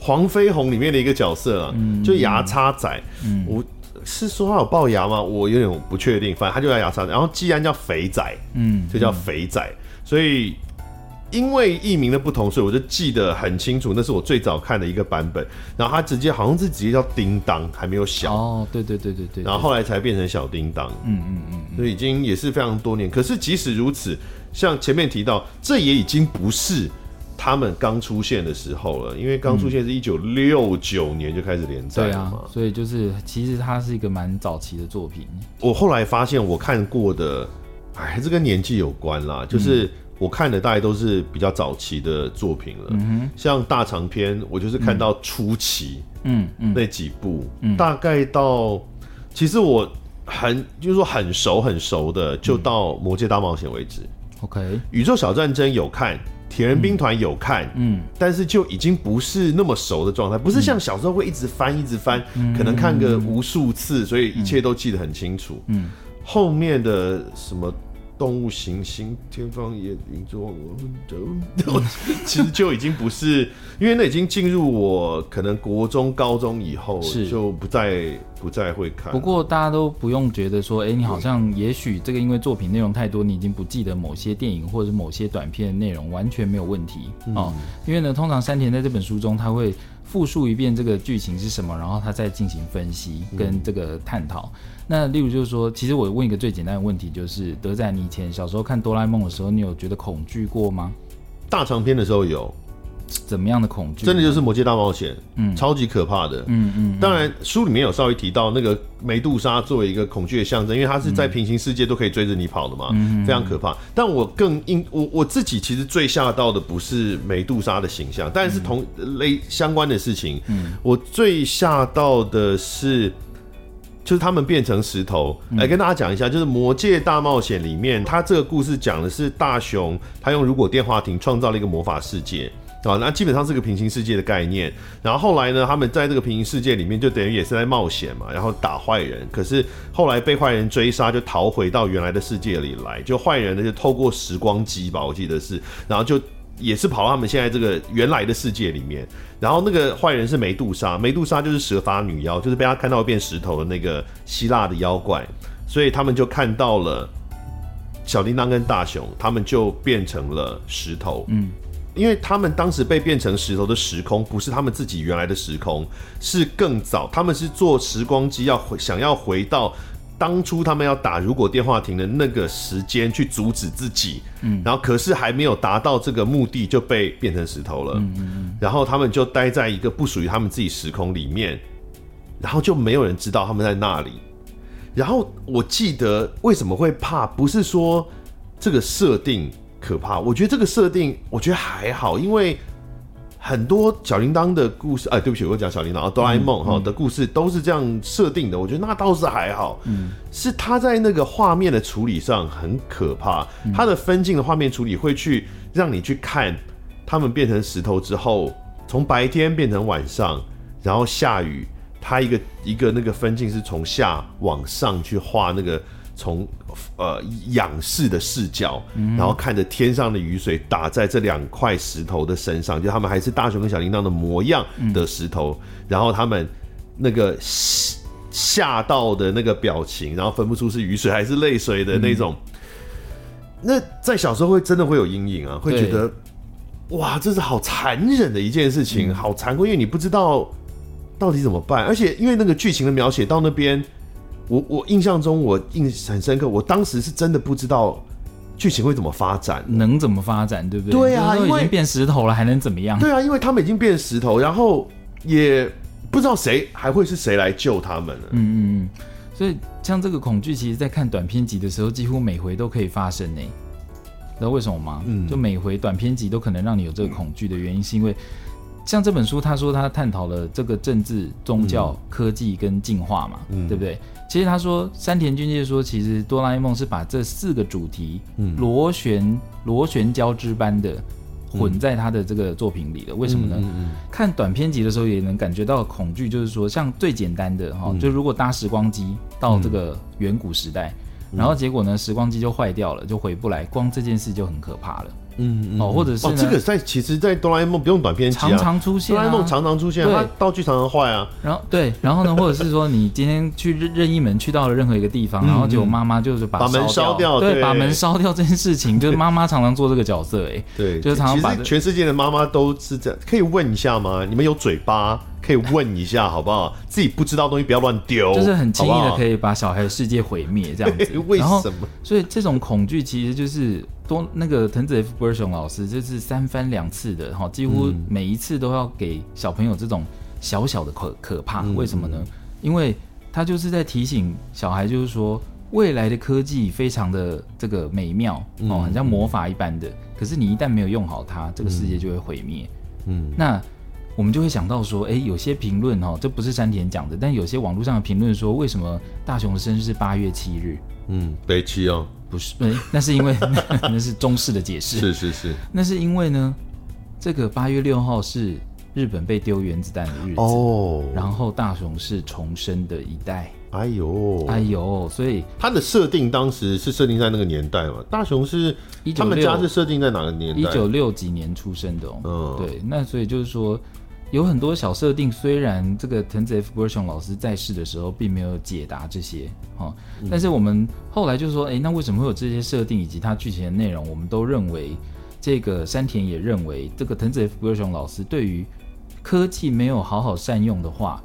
黃飛鴻裡面的一個角色啊。Okay，就牙叉仔嗯。嗯，我是說他有齙牙嗎？我有點不確定。反正他就叫牙叉，然後既然叫肥仔，嗯，就叫肥仔。嗯嗯、所以。因為譯名的不同，所以我就記得很清楚，那是我最早看的一個版本。然後它直接好像是直接叫《叮噹》，還沒有小哦，對對對對對。然後後來才變成《小叮噹》，嗯嗯嗯，所以已經也是非常多年。可是即使如此，像前面提到，這也已經不是他們剛出現的時候了，因為剛出現是一九六九年就開始連載了嘛，所以就是其實它是一個蠻早期的作品。我後來發現我看過的，哎，還是跟年紀有關啦，就是。我看的大概都是比較早期的作品了，嗯、像大長篇，我就是看到初期，嗯，那幾部，大概到，其實我很就是說很熟很熟的，嗯、就到《魔界大冒險》為止。OK，嗯、《宇宙小戰爭》有看，《鐵人兵團》有看，嗯，嗯，但是就已經不是那麼熟的狀態，不是像小時候會一直翻一直翻，嗯、可能看個無數次，所以一切都記得很清楚。嗯，嗯、後面的什麼？動物行星、天方夜譚、雲之王國，其實就已經不是，因為那已經進入我可能國中、高中以後，就不再不再會看。不過大家都不用覺得說，哎、欸，你好像也許這個因為作品內容太多，你已經不記得某些電影或者某些短片的內容完全沒有問題。嗯、哦因為呢，通常山田在這本書中他會複述一遍這個劇情是什麼，然後他再進行分析跟這個探討。嗯、那例如就是說，其實我問一個最簡單的問題，就是、嗯、德仔，你以前小時候看哆啦 A 夢的時候，你有覺得恐懼過嗎？大長篇的時候有。怎麼樣的恐懼？真的就是魔界大冒險，嗯，超級可怕的，嗯嗯，嗯。當然，書裡面有稍微提到那個梅杜莎作為一個恐懼的象徵，因為它是在平行世界都可以追着你跑的嘛，嗯，非常可怕。但我更應我我自己其實最嚇到的不是梅杜莎的形象，但是同類相關的事情，嗯，我最嚇到的是就是他們變成石頭。嗯，來跟大家講一下，就是《魔界大冒險》裡面，它這個故事講的是大雄他用如果電話亭創造了一個魔法世界。啊、哦，那基本上是個平行世界的概念。然後後來呢，他們在這個平行世界裡面，就等於也是在冒險嘛，然後打壞人。可是後來被壞人追殺，就逃回到原來的世界裡來。就壞人呢，就透過時光機吧，我記得是，然後就也是跑到他們現在這個原來的世界裡面。然後那個壞人是梅杜莎，梅杜莎就是蛇髮女妖，就是被他看到變石頭的那個希臘的妖怪。所以他們就看到了小叮噹跟大雄，他們就變成了石頭。嗯。因為他們當時被變成石頭的時空不是他們自己原來的時空，是更早。他們是坐時光機要回，想要回到當初他們要打如果電話亭的那個時間去阻止自己，嗯，然後可是還沒有達到這個目的就被變成石頭了。嗯。然後他們就待在一個不屬於他們自己時空裡面，然後就沒有人知道他們在那裡。然後我記得為什麼會怕，不是說這個設定。可怕，我覺得這個設定，我覺得還好，因為很多小叮噹的故事，哎，對不起，我講小叮噹啊，哆啦 A 夢哈的故事都是這樣設定的，嗯，我覺得那倒是還好。嗯，是他在那個畫面的處理上很可怕，他的分鏡的畫面處理會去讓你去看他們變成石頭之後，從白天變成晚上，然後下雨，他一個一個那個分鏡是從下往上去畫那個。從呃仰視的視角，然後看着天上的雨水打在這兩塊石頭的身上，就他們還是大雄跟小叮噹的模樣的石頭，嗯、然後他們那個嚇到的那個表情，然後分不出是雨水還是淚水的那種、嗯，那在小時候會真的會有陰影啊，會覺得哇，這是好殘忍的一件事情，嗯、好殘酷，因為你不知道到底怎麼辦，而且因為那個劇情的描寫到那邊。我我印象中，我印象很深刻。我當時是真的不知道劇情會怎麼發展，能怎麼發展，對不對？對啊，因為已經變石頭了，還能怎麼樣？對啊，因為他們已經變石頭，然後也不知道誰還會是誰來救他們了。嗯嗯嗯。所以像這個恐懼，其實，在看短片集的時候，幾乎每回都可以發生呢。你知道為什麼嗎？嗯，就每回短片集都可能讓你有這個恐懼的原因，嗯、是因為。像這本書，他說他探討了這個政治、宗教、嗯、科技跟進化嘛，嗯，對不對？其實他說，山田俊介說，其實哆啦 A 夢是把這四個主題、嗯、螺旋螺旋交織般的混在他的這個作品裡的。嗯、為什麼呢？嗯嗯嗯、看短篇集的時候也能感覺到恐懼，就是說，像最簡單的哈、哦嗯，就如果搭時光機到這個遠古時代，嗯，然後結果呢，時光機就壞掉了，就回不來，光這件事就很可怕了。嗯，嗯哦，或者是哦，這個在其實，在哆啦 A 夢不用短片、啊，常常出現、啊、哆啦 A 夢常常出現、啊，對道具常常壞啊。然後對，然後呢， 或者是說，你今天去任任意門去到了任何一個地方，嗯、然後就媽媽就是把，把門燒掉對對，對，把門燒掉這件事情，就是媽媽常常做這個角色、欸，哎，對，就是常常把、這個，其實全世界的媽媽都是這樣，可以問一下嗎？你們有嘴巴可以問一下好不好？自己不知道東西不要亂丟，就是很輕易的可以把小孩的世界毀滅這樣子。好好，為什麼？所以這種恐懼其實就是。說那個藤子 F bersion 老師，就是三番兩次的哈、哦，幾乎每一次都要給小朋友這種小小的可、嗯、可怕。為什麼呢、嗯嗯？因為他就是在提醒小孩，就是說未來的科技非常的這個美妙、嗯、哦，很像魔法一般的、嗯。可是你一旦沒有用好它，這個世界就會毀滅、嗯。嗯，那我們就會想到說，哎、欸，有些評論哈，這不是山田講的，但有些網絡上的評論說，為什麼大雄的生日是八月七日？嗯，悲催哦。不是，那是因為 那是中式的解釋。是是是，那是因為呢，這個八月六號是日本被丟原子彈的日子哦。然後大雄是重生的一代。哎呦，哎呦，所以他的設定當時是設定在那個年代嘛？大雄是 1960, 他們家是設定在哪個年代？一九六幾年出生的哦、嗯。對，那所以就是說。有很多小設定，雖然這個藤子 F 不二雄老師在世的時候並沒有解答這些，哈、哦嗯，但是我們後來就說，哎、欸，那為什麼會有這些設定，以及它劇情的內容？我們都認為，這個山田也認為，這個藤子 F 不二雄老師對於科技沒有好好善用的話，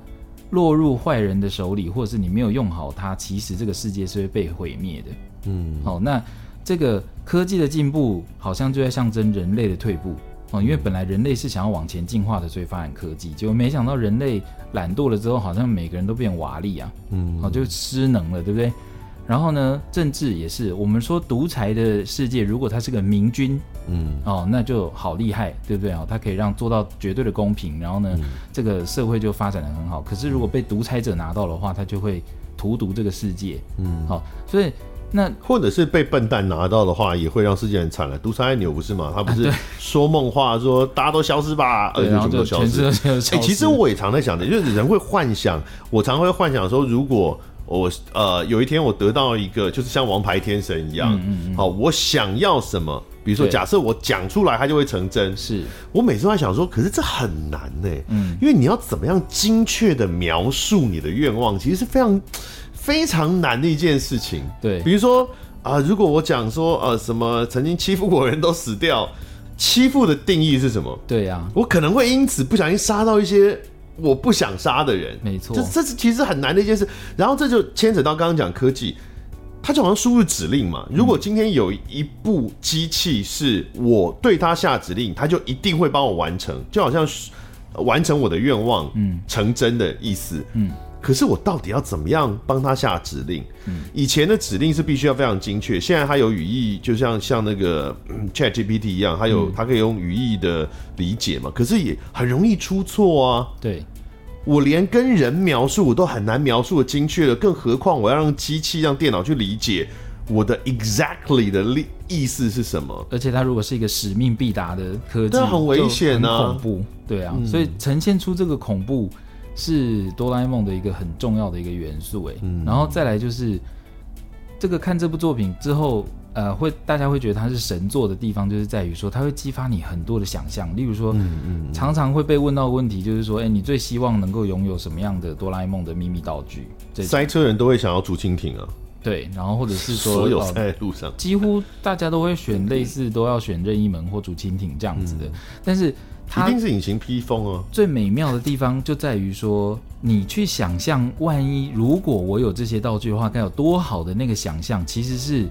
落入壞人的手裡，或者是你沒有用好它，其實這個世界是會被毀滅的。嗯，好、哦，那這個科技的進步，好像就在象徵人類的退步。哦，因為本來人類是想要往前進化的，所以發展科技，就沒想到人類懶惰了之後，好像每個人都變瓦力啊，嗯，嗯，哦，就失能了，對不對？然後呢，政治也是，我們說獨裁的世界，如果它是個明君，嗯，哦，那就好厲害，對不對啊？他、哦、可以讓做到絕對的公平，然後呢，嗯嗯，這個社會就發展得很好。可是如果被獨裁者拿到的話，他就會荼毒這個世界，嗯，嗯，好、哦，所以。那或者是被笨蛋拿到的話，也會讓世界很慘了。獨裁按鈕不是嗎？他不是說夢話說、啊、大家都消失吧，然後就全都消失。哎、欸欸，其實我也常在想的，就是人會幻想。 我常會幻想說，如果我呃有一天我得到一個，就是像王牌天神一樣，嗯,嗯,嗯好，我想要什麼？比如說，假設我講出來，它就會成真。是，我每次都在想說，可是這很難呢、欸。嗯,嗯，因為你要怎麼樣精確的描述你的願望，其實是非常。非常難的一件事情，對，比如說啊、呃，如果我講說呃，什麼曾經欺負過人都死掉，欺負的定義是什麼？對呀、啊，我可能會因此不小心殺到一些我不想殺的人，沒錯，這這是其實很難的一件事。然後這就牽扯到剛剛講科技，它就好像輸入指令嘛、嗯。如果今天有一部機器是我對它下指令，它就一定會幫我完成，就好像完成我的願望，嗯，成真的意思，嗯。嗯可是我到底要怎麼樣幫他下指令、嗯？以前的指令是必須要非常精確，現在它有語義，就像像那個、嗯、Chat GPT 一樣，它有它、嗯、可以用語義的理解嘛？可是也很容易出錯啊。對，我連跟人描述我都很難描述的精確了，更何況我要讓機器讓電腦去理解我的 exactly 的意思是什麼？而且它如果是一個使命必達的科技，很危險啊，恐怖。對啊、嗯，所以呈現出這個恐怖。是哆啦 A 夢的一個很重要的一個元素，哎，然後再來就是這個看這部作品之後，呃，會大家會覺得它是神作的地方，就是在於說它會激發你很多的想象。例如說，嗯，常常會被問到的問題，就是說，哎，你最希望能夠擁有什麼樣的哆啦 A 夢的秘密道具？塞車人都會想要竹蜻蜓啊，對，然後或者是說，所有塞在路上幾乎大家都會選類似都要選任意門或竹蜻蜓這樣子的，但是一定是隱形披風哦！最美妙的地方就在於說，你去想象，萬一如果我有這些道具的話，該有多好的那個想象，其實是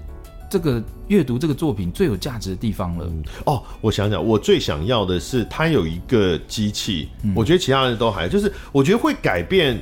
這個閱讀這個作品最有價值的地方了。哦，我想想，我最想要的是它有一個機器、嗯，我覺得其他人都還就是，我覺得會改變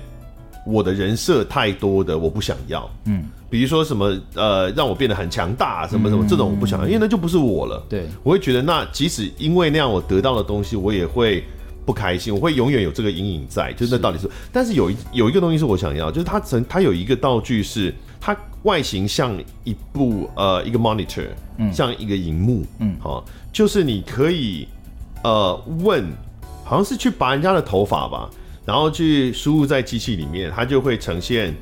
我的人設太多的，我不想要。嗯。比如說什麼呃，讓我變得很強大、啊，什麼什麼、嗯，這種我不想要、嗯，因為那就不是我了。對，我會覺得那即使因為那樣我得到的東西，我也會不開心，我會永遠有這個陰影在。就是那到底是，是，但是有一有一個東西是我想要，就是它呈它有一個道具是它外形像一部呃一個 monitor，、嗯、像一個螢幕，嗯，好、哦，就是你可以呃問，好像是去拔人家的頭髮吧，然後去輸入在機器裡面，它就會呈現。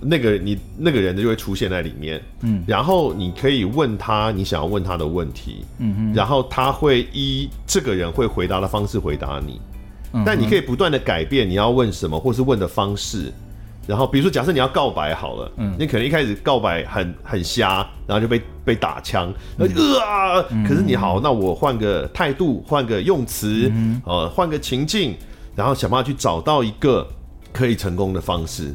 那個你那個人就會出現在裡面，嗯，然後你可以問他你想要問他的問題，嗯嗯，然後他會依這個人會回答的方式回答你，嗯、但你可以不斷的改變你要問什麼或是問的方式，然後比如說假設你要告白好了，嗯，你可能一開始告白很很瞎，然後就被被打槍、嗯，然後就，呃、啊嗯，可是你好，那我換個態度，換個用詞、嗯，呃，換個情境，然後想辦法去找到一個可以成功的方式。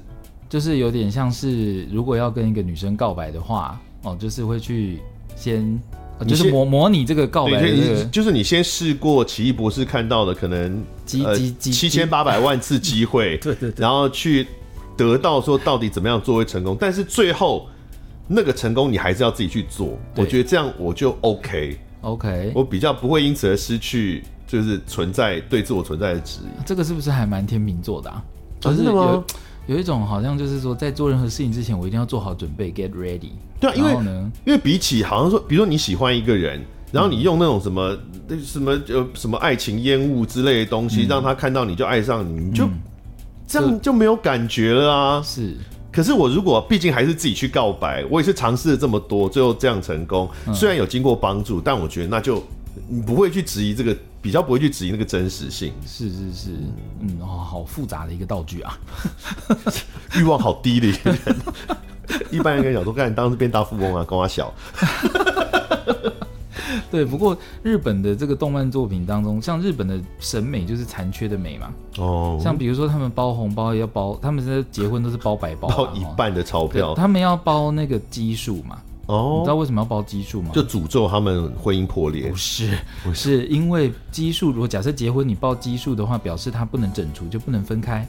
就是有點像是，如果要跟一個女生告白的話，哦，就是會去先，先哦、就是模模擬這個告白的、這個，就是你先試過奇異博士看到的可能，七七七千八百萬次機會， 對，對，對，對，然後去得到說到底怎麼樣做會成功，但是最後那個成功你還是要自己去做，我覺得這樣我就 OK OK，我比較不會因此而失去，就是存在對自我存在的質疑、啊。這個是不是還蠻天秤座的啊？就是。啊、真的嗎？有一種好像就是說，在做任何事情之前，我一定要做好準備，get ready。對啊，因為因為比起好像說，比如說你喜歡一個人，然後你用那種什麼、那、嗯、什麼呃、什麼愛情煙霧之類的東西、嗯，讓他看到你就愛上你，你就、嗯、這樣就沒有感覺了啊。是，可是我如果畢竟還是自己去告白，我也是嘗試了這麼多，最後這樣成功，嗯、雖然有經過幫助，但我覺得那就你不會去質疑這個。比較不會去質疑那個真實性，是是是，嗯哦，好複雜的一個道具啊， 欲望好低的一個人， 一般人跟小說看，你當時變大富翁啊，跟我小， 對，不過日本的這個動漫作品當中，像日本的審美就是殘缺的美嘛，哦，像比如說他們包紅包要包，他們現在結婚都是包白包，啊，包一半的鈔票，他們要包那個奇數嘛。哦、你知道為什麼要報奇數嗎？就詛咒他們婚姻破裂。不是，不是，是因為奇數。如果假設結婚，你報奇數的話，表示他不能整除，就不能分開。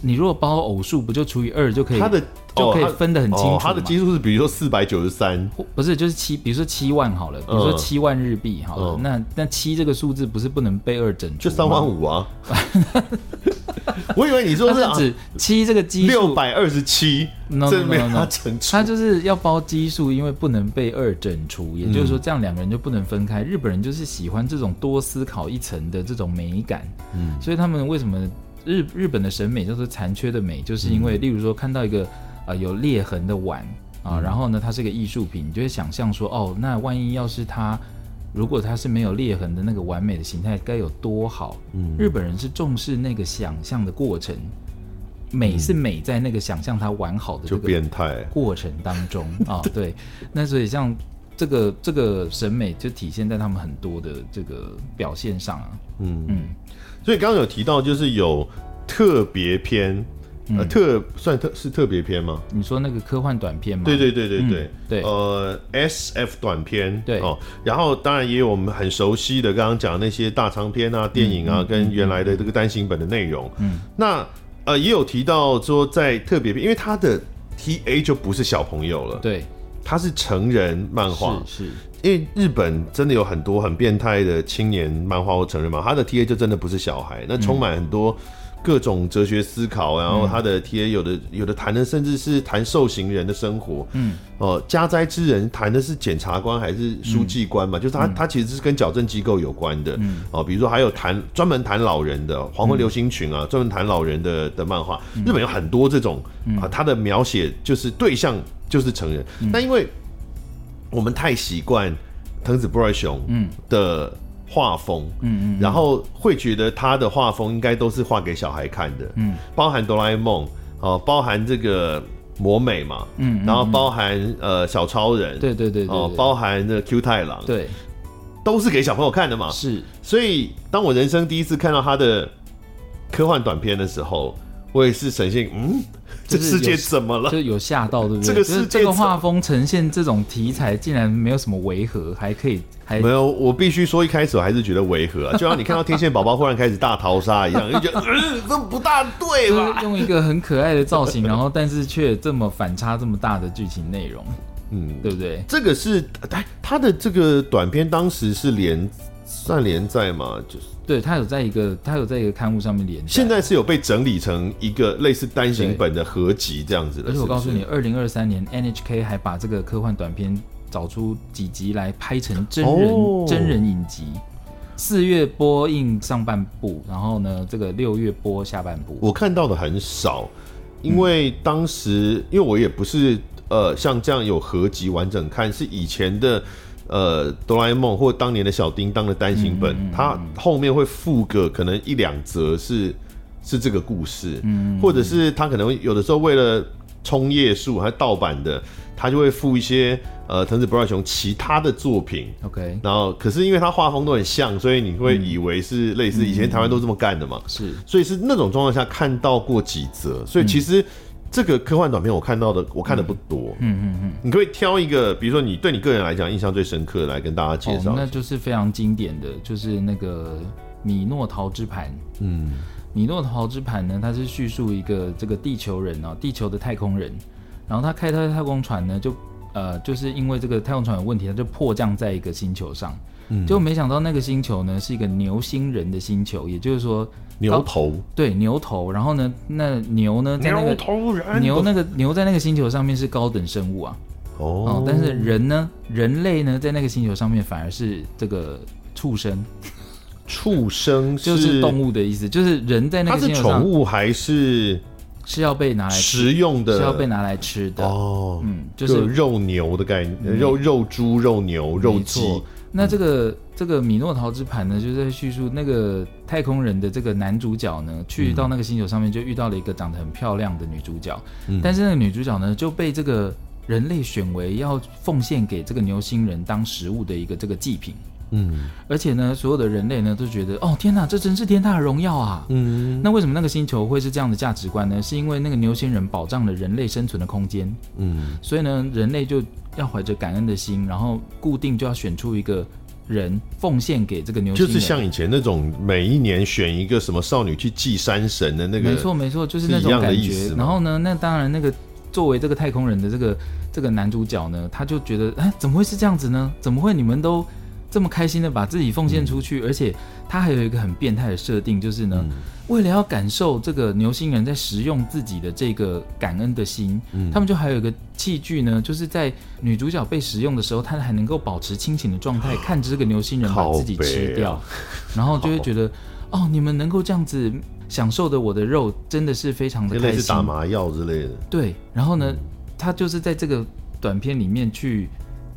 你如果包偶數，不就除以二就可以？他的就可以分得很清楚。他的、哦、他的、哦、他的基數是比如說四百九十三，不是就是七，比如說七萬好了，嗯、比如說七萬日幣好了，嗯、那那七這個數字不是不能被二整除？就三萬五啊！ 我以為你說是指七這個基數六百二十七，那這沒有，整除。他就是要包基數，因為不能被二整除，也就是說這樣兩個人就不能分開、嗯。日本人就是喜歡這種多思考一層的這種美感，嗯，所以他們為什麼？日日本的審美就是殘缺的美，就是因為，例如說看到一個啊、嗯呃、有裂痕的碗啊、嗯，然後呢，它是一個藝術品，你就會想象說，哦，那萬一要是它，如果它是沒有裂痕的那個完美的形態，該有多好、嗯。日本人是重視那個想象的過程，美是美在那個想象它完好的就變態過程當中 啊，對，那所以像這個這個審美就體現在他們很多的這個表現上啊，嗯嗯。所以剛剛有提到，就是有特別篇、嗯，呃，特算特是特別篇嗎？你說那個科幻短篇嗎？對對對對對、嗯、對，呃，SF 短篇，對哦。然後當然也有我們很熟悉的，剛剛講那些大長篇啊、嗯、電影啊、嗯嗯，跟原來的這個單行本的內容。嗯，那呃也有提到說，在特別篇，因為他的 TA 就不是小朋友了，對，他是成人漫畫是。是因為日本真的有很多很變態的青年漫畫或成人嘛。他的 T A 就真的不是小孩，那充滿很多各種哲學思考，嗯、然後他的 T A 有的有的談的甚至是談受刑人的生活，嗯，哦、呃，家災之人談的是檢察官還是書記官嘛？嗯、就是他、嗯、他其實是跟矯正機構有關的，哦、呃，比如說還有談專門談老人的黃昏流星群啊，專、嗯、門談老人的的漫畫，日本有很多這種啊、呃，他的描寫就是對象就是成人，那、嗯、因為。我們太習慣藤子不二雄的畫風，嗯嗯，然後會覺得他的畫風應該都是畫給小孩看的，嗯，包含哆啦 A 夢，哦、呃，包含這個魔美嘛，嗯，然後包含呃，小超人，、嗯嗯嗯、呃小超人，對對對，對，哦、呃，包含那 Q 太郎，對，都是給小朋友看的嘛，是。所以當我人生第一次看到他的科幻短片的時候。我也是呈現，嗯，就是、這個世界怎麼了？就有嚇到，對不對？ 這個世界是這個畫風呈現這種題材，竟然沒有什麼違和，還可以，還沒有。我必須說，一開始我還是覺得違和，啊， 就像你看到天線寶寶忽然開始大逃殺一樣， 就覺得，嗯、呃，這不大對吧？就是、用一個很可愛的造型，然後但是卻這麼反差這麼大的劇情內容， 嗯，對不對？這個是，哎，他的這個短片當時是連算連載嗎？就是。對他有在一個，他有在一個刊物上面連載。現在是有被整理成一個類似單行本的合集這樣子的。而且我告訴你，二零二三年 NHK 還把這個科幻短片找出幾集來拍成真人、哦、真人影集，四月播映上半部，然後呢這個六月播下半部。我看到的很少，因為當時因為我也不是呃像這樣有合集完整看，是以前的。呃，哆啦 A 夢或當年的小叮噹的單行本、嗯嗯嗯，他後面會附個可能一兩則是是這個故事嗯，嗯，或者是他可能有的時候為了衝頁數，還盜版的，他就會附一些呃藤子不二雄其他的作品，OK，、嗯、然後可是因為他畫風都很像，所以你會以為是類似、嗯、以前台灣都這麼幹的嘛、嗯嗯，是，所以是那種狀況下看到過幾則，所以其實。嗯這個科幻短片我看到的，我看的不多。嗯嗯嗯，嗯，你可，可以挑一個，比如說你對你個人來講印象最深刻的來跟大家介紹、哦。那就是非常經典的，就是那個《米諾陶之盤》。嗯，《米諾陶之盤》呢，它是敘述一個這個地球人哦、喔，地球的太空人，然後他開他的太空船呢，就呃，就是因為這個太空船有問題，他就迫降在一個星球上。就、嗯、沒想到那個星球呢是一個牛星人的星球，也就是說牛頭對牛頭。然後呢，那牛呢在那個牛，牛那個牛在那個星球上面是高等生物啊哦，但是人呢人類呢在那個星球上面反而是這個畜生，畜生是就是動物的意思，就是人在那個星球，寵物還是是要被拿來食用的，是要被拿來吃的哦，嗯，就是肉牛的概念，肉肉豬肉牛肉，雞，沒錯那這個、嗯、這個米諾陶之盤呢，就在敘述那個太空人的這個男主角呢，去到那個星球上面，就遇到了一個長得很漂亮的女主角、嗯。但是那個女主角呢，就被這個人類選為要奉獻給這個牛星人當食物的一個這個祭品。嗯，而且呢，所有的人類呢都覺得，哦天哪、啊，這真是天大的榮耀啊！嗯，那為什麼那個星球會是這樣的價值觀呢？是因為那個牛星人保障了人類生存的空間。嗯，所以呢，人類就。要懷着感恩的心，然後固定就要選出一個人奉獻給這個牛，就是像以前那種每一年選一個什麼少女去祭山神的那個，沒錯沒錯，就是那種感覺。然後呢，那當然那個作為這個太空人的這個這個男主角呢，他就覺得哎，怎麼會是這樣子呢？怎麼會你們都？這麼開心的把自己奉獻出去、嗯，而且他還有一個很變態的設定，就是呢、嗯，為了要感受這個牛星人在食用自己的這個感恩的心、嗯，他們就還有一個器具呢，就是在女主角被食用的時候，他還能夠保持清醒的狀態，看着這個牛星人把自己吃掉，啊、然後就會覺得哦，你們能夠這樣子享受的我的肉，真的是非常的開心，類似打麻藥之類的，對。然後呢，嗯、他就是在這個短片裡面去。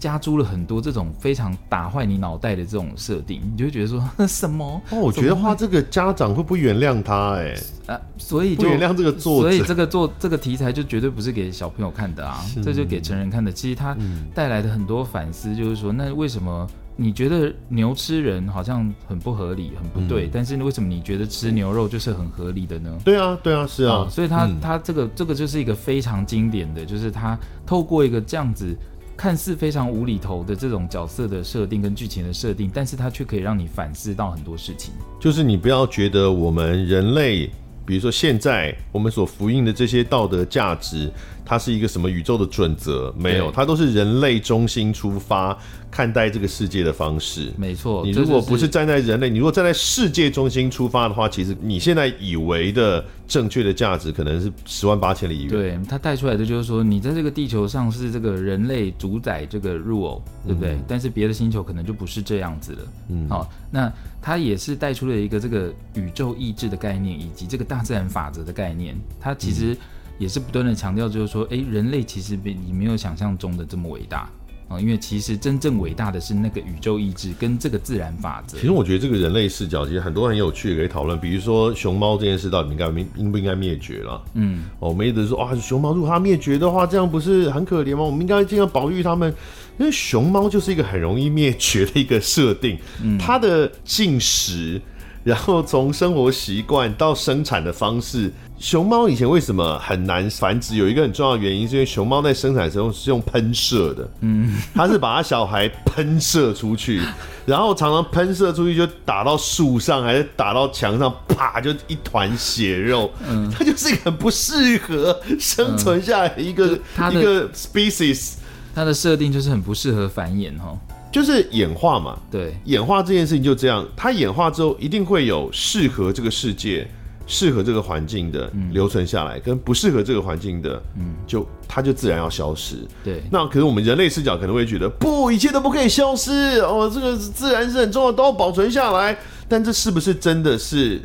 加諸了很多這種非常打壞你腦袋的這種設定，你就會覺得說什麼，麼？哦，我覺得話這個家長會不原諒他、欸？哎、啊，所以就原諒這個作者，所以這個做這個題材就絕對不是給小朋友看的啊，這就給成人看的。其實他帶來的很多反思、嗯、就是說，那為什麼你覺得牛吃人好像很不合理、很不對？嗯、但是為什麼你覺得吃牛肉就是很合理的呢？嗯、對啊，對啊，是啊。哦、所以他、嗯、他這個這個就是一個非常經典的，就是他透過一個這樣子。看似非常無厘頭的這種角色的設定跟劇情的設定，但是它卻可以讓你反思到很多事情。就是你不要覺得我們人類，比如說現在我們所奉行的這些道德價值，它是一個什麼宇宙的準則？沒有，它都是人類中心出發。看待這個世界的方式，沒錯。你如果不是站在人類，你如果站在世界中心出發的話，其實你現在以為的正確的價值，可能是十萬八千里以外。對，他帶出來的就是說，你在這個地球上是這個人類主宰這個入偶，對不對？嗯、但是別的星球可能就不是這樣子了、嗯。好，那他也是帶出了一個這個宇宙意志的概念，以及這個大自然法則的概念。他其實也是不斷的強調，就是說，哎、嗯，人類其實比你沒有想象中的這麼偉大。啊、哦，因為其實真正偉大的是那個宇宙意志跟這個自然法則。其實我覺得這個人類視角其實很多很有趣的可以討論，比如說熊貓這件事到底應該應不應該滅絕了？嗯，哦、我們一直說啊、哦，熊貓如果它滅絕的話，這樣不是很可憐嗎？我們應該盡量保育它們，因為熊貓就是一個很容易滅絕的一個設定、嗯，它的進食。然後從生活習慣到生產的方式，熊貓以前為什麼很難繁殖？有一個很重要的原因，是因為熊貓在生產的時候是用噴射的，嗯， 它是把它小孩噴射出去，然後常常噴射出去就打到樹上，還是打到牆上，啪，就一團血肉，嗯，它就是一個很不適合生存下來的一個，嗯，的一個 species，它的設定就是很不適合繁衍哦。就是演化嘛，對，演化這件事情就這樣，它演化之後一定會有適合這個世界、適合這個環境的留存下來，嗯、跟不適合這個環境的，嗯，就它就自然要消失。對，那可是我們人類視角可能會覺得，不，一切都不可以消失哦，這個自然是很重要，都要保存下來。但這是不是真的是？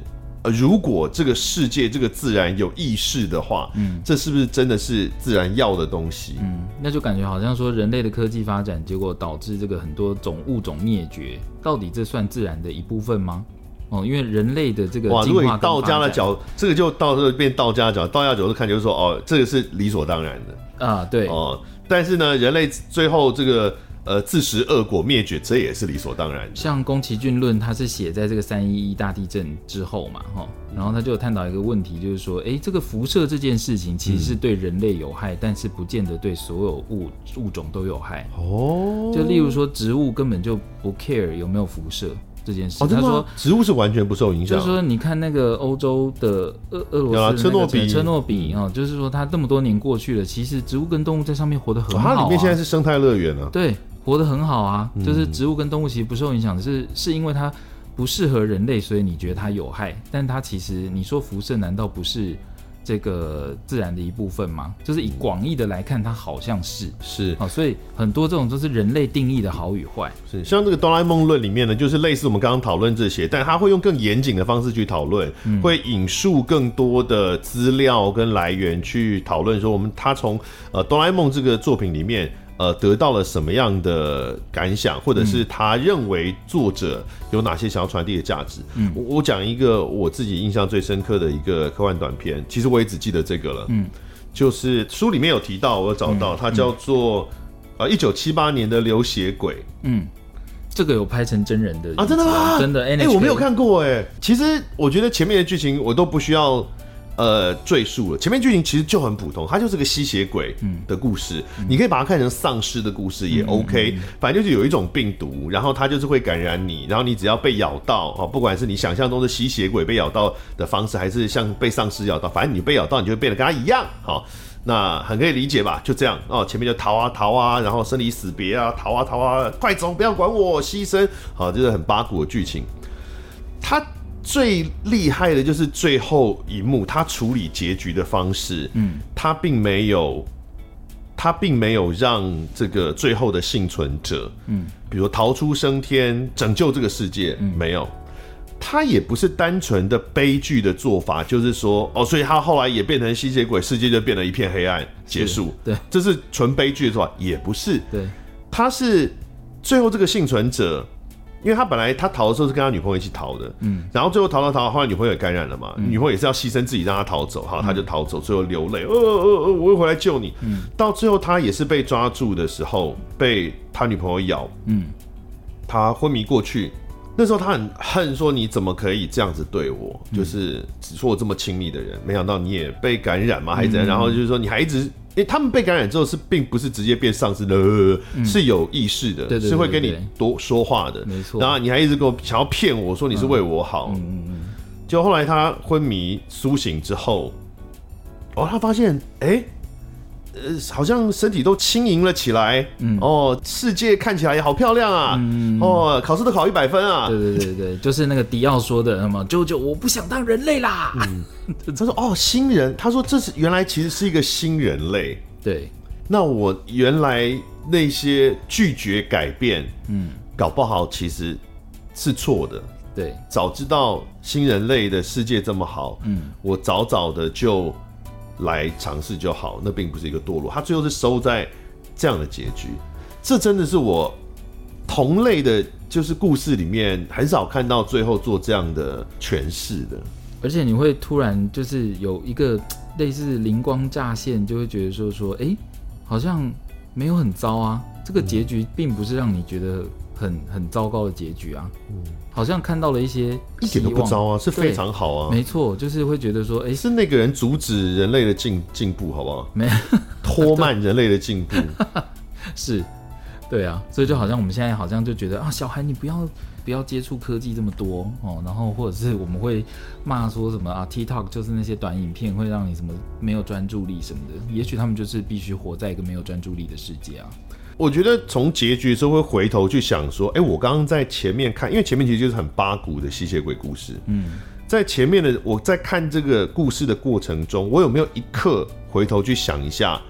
如果這個世界這個自然有意識的話，嗯，這是不是真的是自然要的東西？嗯，那就感覺好像說人類的科技發展，結果導致這個很多種物種滅絕，到底這算自然的一部分嗎？哦，因為人類的這個進化，道家的角度，這個就到時候變道家角度，道家角度看就是說，哦，這個是理所當然的啊，對哦，但是呢，人類最後這個。呃，自食惡果滅絕，這也是理所當然。像宮崎駿論，他是寫在這個三一一大地震之後嘛，哈，然後他就有探討一個問題，就是說，哎，這個輻射這件事情其實是對人類有害，嗯、但是不見得對所有物物種都有害。哦，就例如說植物根本就不 care 有沒有輻射這件事。哦，他說植物是完全不受影響。就是說，你看那個歐洲的俄俄羅斯的切、那個啊、車諾比，車諾比啊、哦，就是說，他這麼多年過去了，其實植物跟動物在上面活得很好、啊哦。它裡面現在是生態樂園了、啊，對。活得很好啊，就是植物跟動物其實不受影響，嗯、只是是因為它不適合人類，所以你覺得它有害，但它其實你說輻射難道不是這個自然的一部分嗎？就是以廣義的來看，它好像是是啊、哦，所以很多這種都是人類定義的好與壞。是、嗯嗯、像這個哆啦 A 夢論裡面呢，就是類似我們剛剛討論這些，但他會用更嚴謹的方式去討論、嗯，會引述更多的資料跟來源去討論，說我們他從呃哆啦 A 夢這個作品裡面。呃，得到了什麼樣的感想，或者是他認為作者有哪些想要傳遞的價值？嗯，我講一個我自己印象最深刻的一個科幻短片，其實我也只記得這個了。嗯，就是書裡面有提到，我有找到、嗯、它叫做一九七八年的流血鬼。嗯，這個有拍成真人的啊，啊？真的嗎？真的？哎、欸，我沒有看過哎、欸。其實我覺得前面的劇情我都不需要。呃，贅述了。前面劇情其實就很普通，它就是個吸血鬼的故事。嗯、你可以把它看成喪屍的故事也 OK，嗯嗯、反正就是有一種病毒，然後它就是會感染你，然後你只要被咬到、哦、不管是你想象中的吸血鬼被咬到的方式，還是像被喪屍咬到，反正你被咬到你就會變得跟他一樣。好、哦，那很可以理解吧？就這樣哦，前面就逃啊逃啊，然後生離死別啊逃啊逃啊，快走不要管我，犧牲。好、哦，就是很八股的劇情。他最厲害的就是最後一幕，他處理結局的方式，嗯，他並沒有，他並沒有讓這個最後的倖存者，嗯，比如逃出生天、拯救這個世界，嗯，沒有，他也不是單純的悲劇的做法，就是說，哦，所以他後來也變成吸血鬼，世界就變得一片黑暗，結束，對，這是純悲劇的做法，也不是，對，他是最後這個倖存者。因為他本來他逃的時候是跟他女朋友一起逃的，嗯，然後最後逃逃逃，後來女朋友也感染了嘛，嗯、女朋友也是要犧牲自己讓他逃走，好，他就逃走，最後流淚，呃呃呃，我會回來救你，嗯，到最後他也是被抓住的時候被他女朋友咬，嗯，他昏迷過去，那時候他很恨說，你怎麼可以這樣子對我，嗯、就是只說我這麼親密的人，沒想到你也被感染嘛還是怎樣，然後就是說你還一直。哎，他們被感染之後是並不是直接變喪屍的，是有意識的對對對對對，是會跟你多說話的。沒錯，然後你還一直跟我想要騙我說你是為我好。嗯、就後來他昏迷蘇醒之後，哦，他發現哎。欸呃，好像身體都輕盈了起來，嗯哦，世界看起來也好漂亮啊，嗯哦，考試都考一百分啊，對對對對， 就是那個迪奧說的，那麼舅舅，我不想當人類啦，嗯，他說哦，新人，他說這是原來其實是一個新人類，對，那我原來那些拒絕改變，嗯，搞不好其實是錯的，對，早知道新人類的世界這麼好，嗯，我早早的就。來嘗試就好，那並不是一個墮落，他最後是收在這樣的結局，這真的是我同類的，就是故事裡面很少看到最後做這樣的詮釋的，而且你會突然就是有一個類似靈光乍現，就會覺得說說，哎、欸，好像沒有很糟啊，這個結局並不是讓你覺得很很糟糕的結局啊。好像看到了一些一點都不糟啊，是非常好啊。沒錯，就是會覺得說，誒、欸，是那個人阻止人類的進進步，好不好？沒 拖慢人類的進步， 是，對啊。所以就好像我們現在好像就覺得、嗯、啊，小孩你不要不要接觸科技這麼多哦，然後或者是我們會罵說什麼啊，TikTok 就是那些短影片會讓你什麼沒有專注力什麼的。也許他們就是必須活在一個沒有專注力的世界啊。我覺得從結局的時候會回頭去想說，哎、欸，我剛剛在前面看，因為前面其實就是很八股的吸血鬼故事。嗯，在前面的我在看這個故事的過程中，我有沒有一刻回頭去想一下，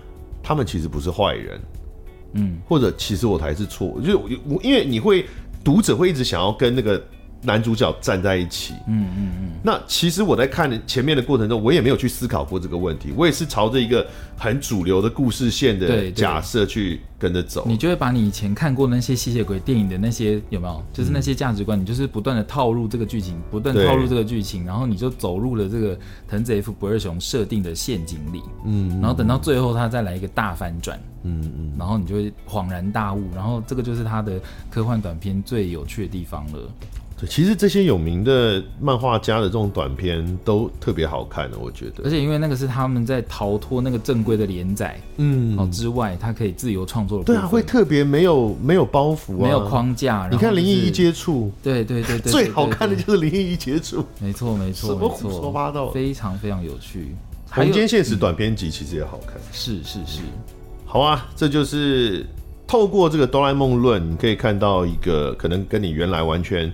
他們其實不是壞人，嗯，或者其實我還是錯，就我因為你會讀者會一直想要跟那個。男主角站在一起。嗯嗯嗯。那其實我在看前面的過程中，我也沒有去思考過這個問題。我也是朝着一個很主流的故事線的，對對對，假設去跟着走。你就會把你以前看過那些吸血鬼電影的那些有沒有？就是那些價值觀，你就是不斷的套入這個劇情，不斷套入這個劇情，然後你就走入了這個藤子 F 不二雄設定的陷阱裡。嗯。然後等到最後，他再來一個大反轉。嗯嗯。然後你就會恍然大悟。然後這個就是他的科幻短片最有趣的地方了。對，其實這些有名的漫畫家的這種短片都特別好看的，我覺得。而且因為那個是他們在逃脫那個正規的連載，嗯，之外，他可以自由創作的。對啊，會特別沒有沒有包袱、啊，沒有框架。你看、就是《靈異一接觸》，對對對對,對， 最好看的就是依一《靈異一接觸。》 沒錯沒錯，什麼胡說八道，非常非常有趣。有《紅間現實》短篇集其實也好看。嗯、是是是、嗯，好啊，這就是透過這個哆啦 A 夢論，你可以看到一個可能跟你原來完全，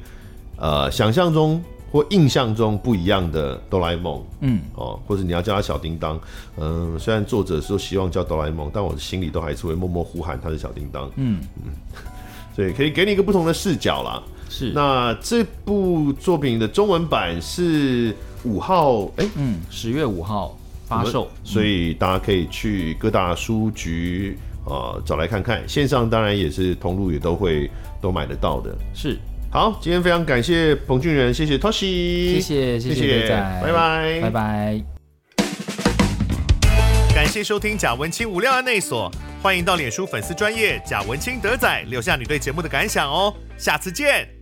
呃，想象中或印象中不一樣的哆啦 A 夢，嗯哦，或者你要叫他小叮噹，嗯，雖然作者說希望叫哆啦 A 夢，但我的心裡都還是會默默呼喊他是小叮噹，嗯嗯，所以可以給你一個不同的視角啦。是，那這部作品的中文版是五號，哎、欸，嗯，十月五號發售，嗯，所以大家可以去各大書局呃找來看看，線上當然也是通路也都會都買得到的，是。好，今天非常感謝彭俊人，謝謝 Toshi，謝謝謝謝，謝,謝拜拜拜拜，感謝收聽賈文青無料案內所，歡迎到臉書粉絲專頁賈文青德仔留下你對節目的感想哦，下次見。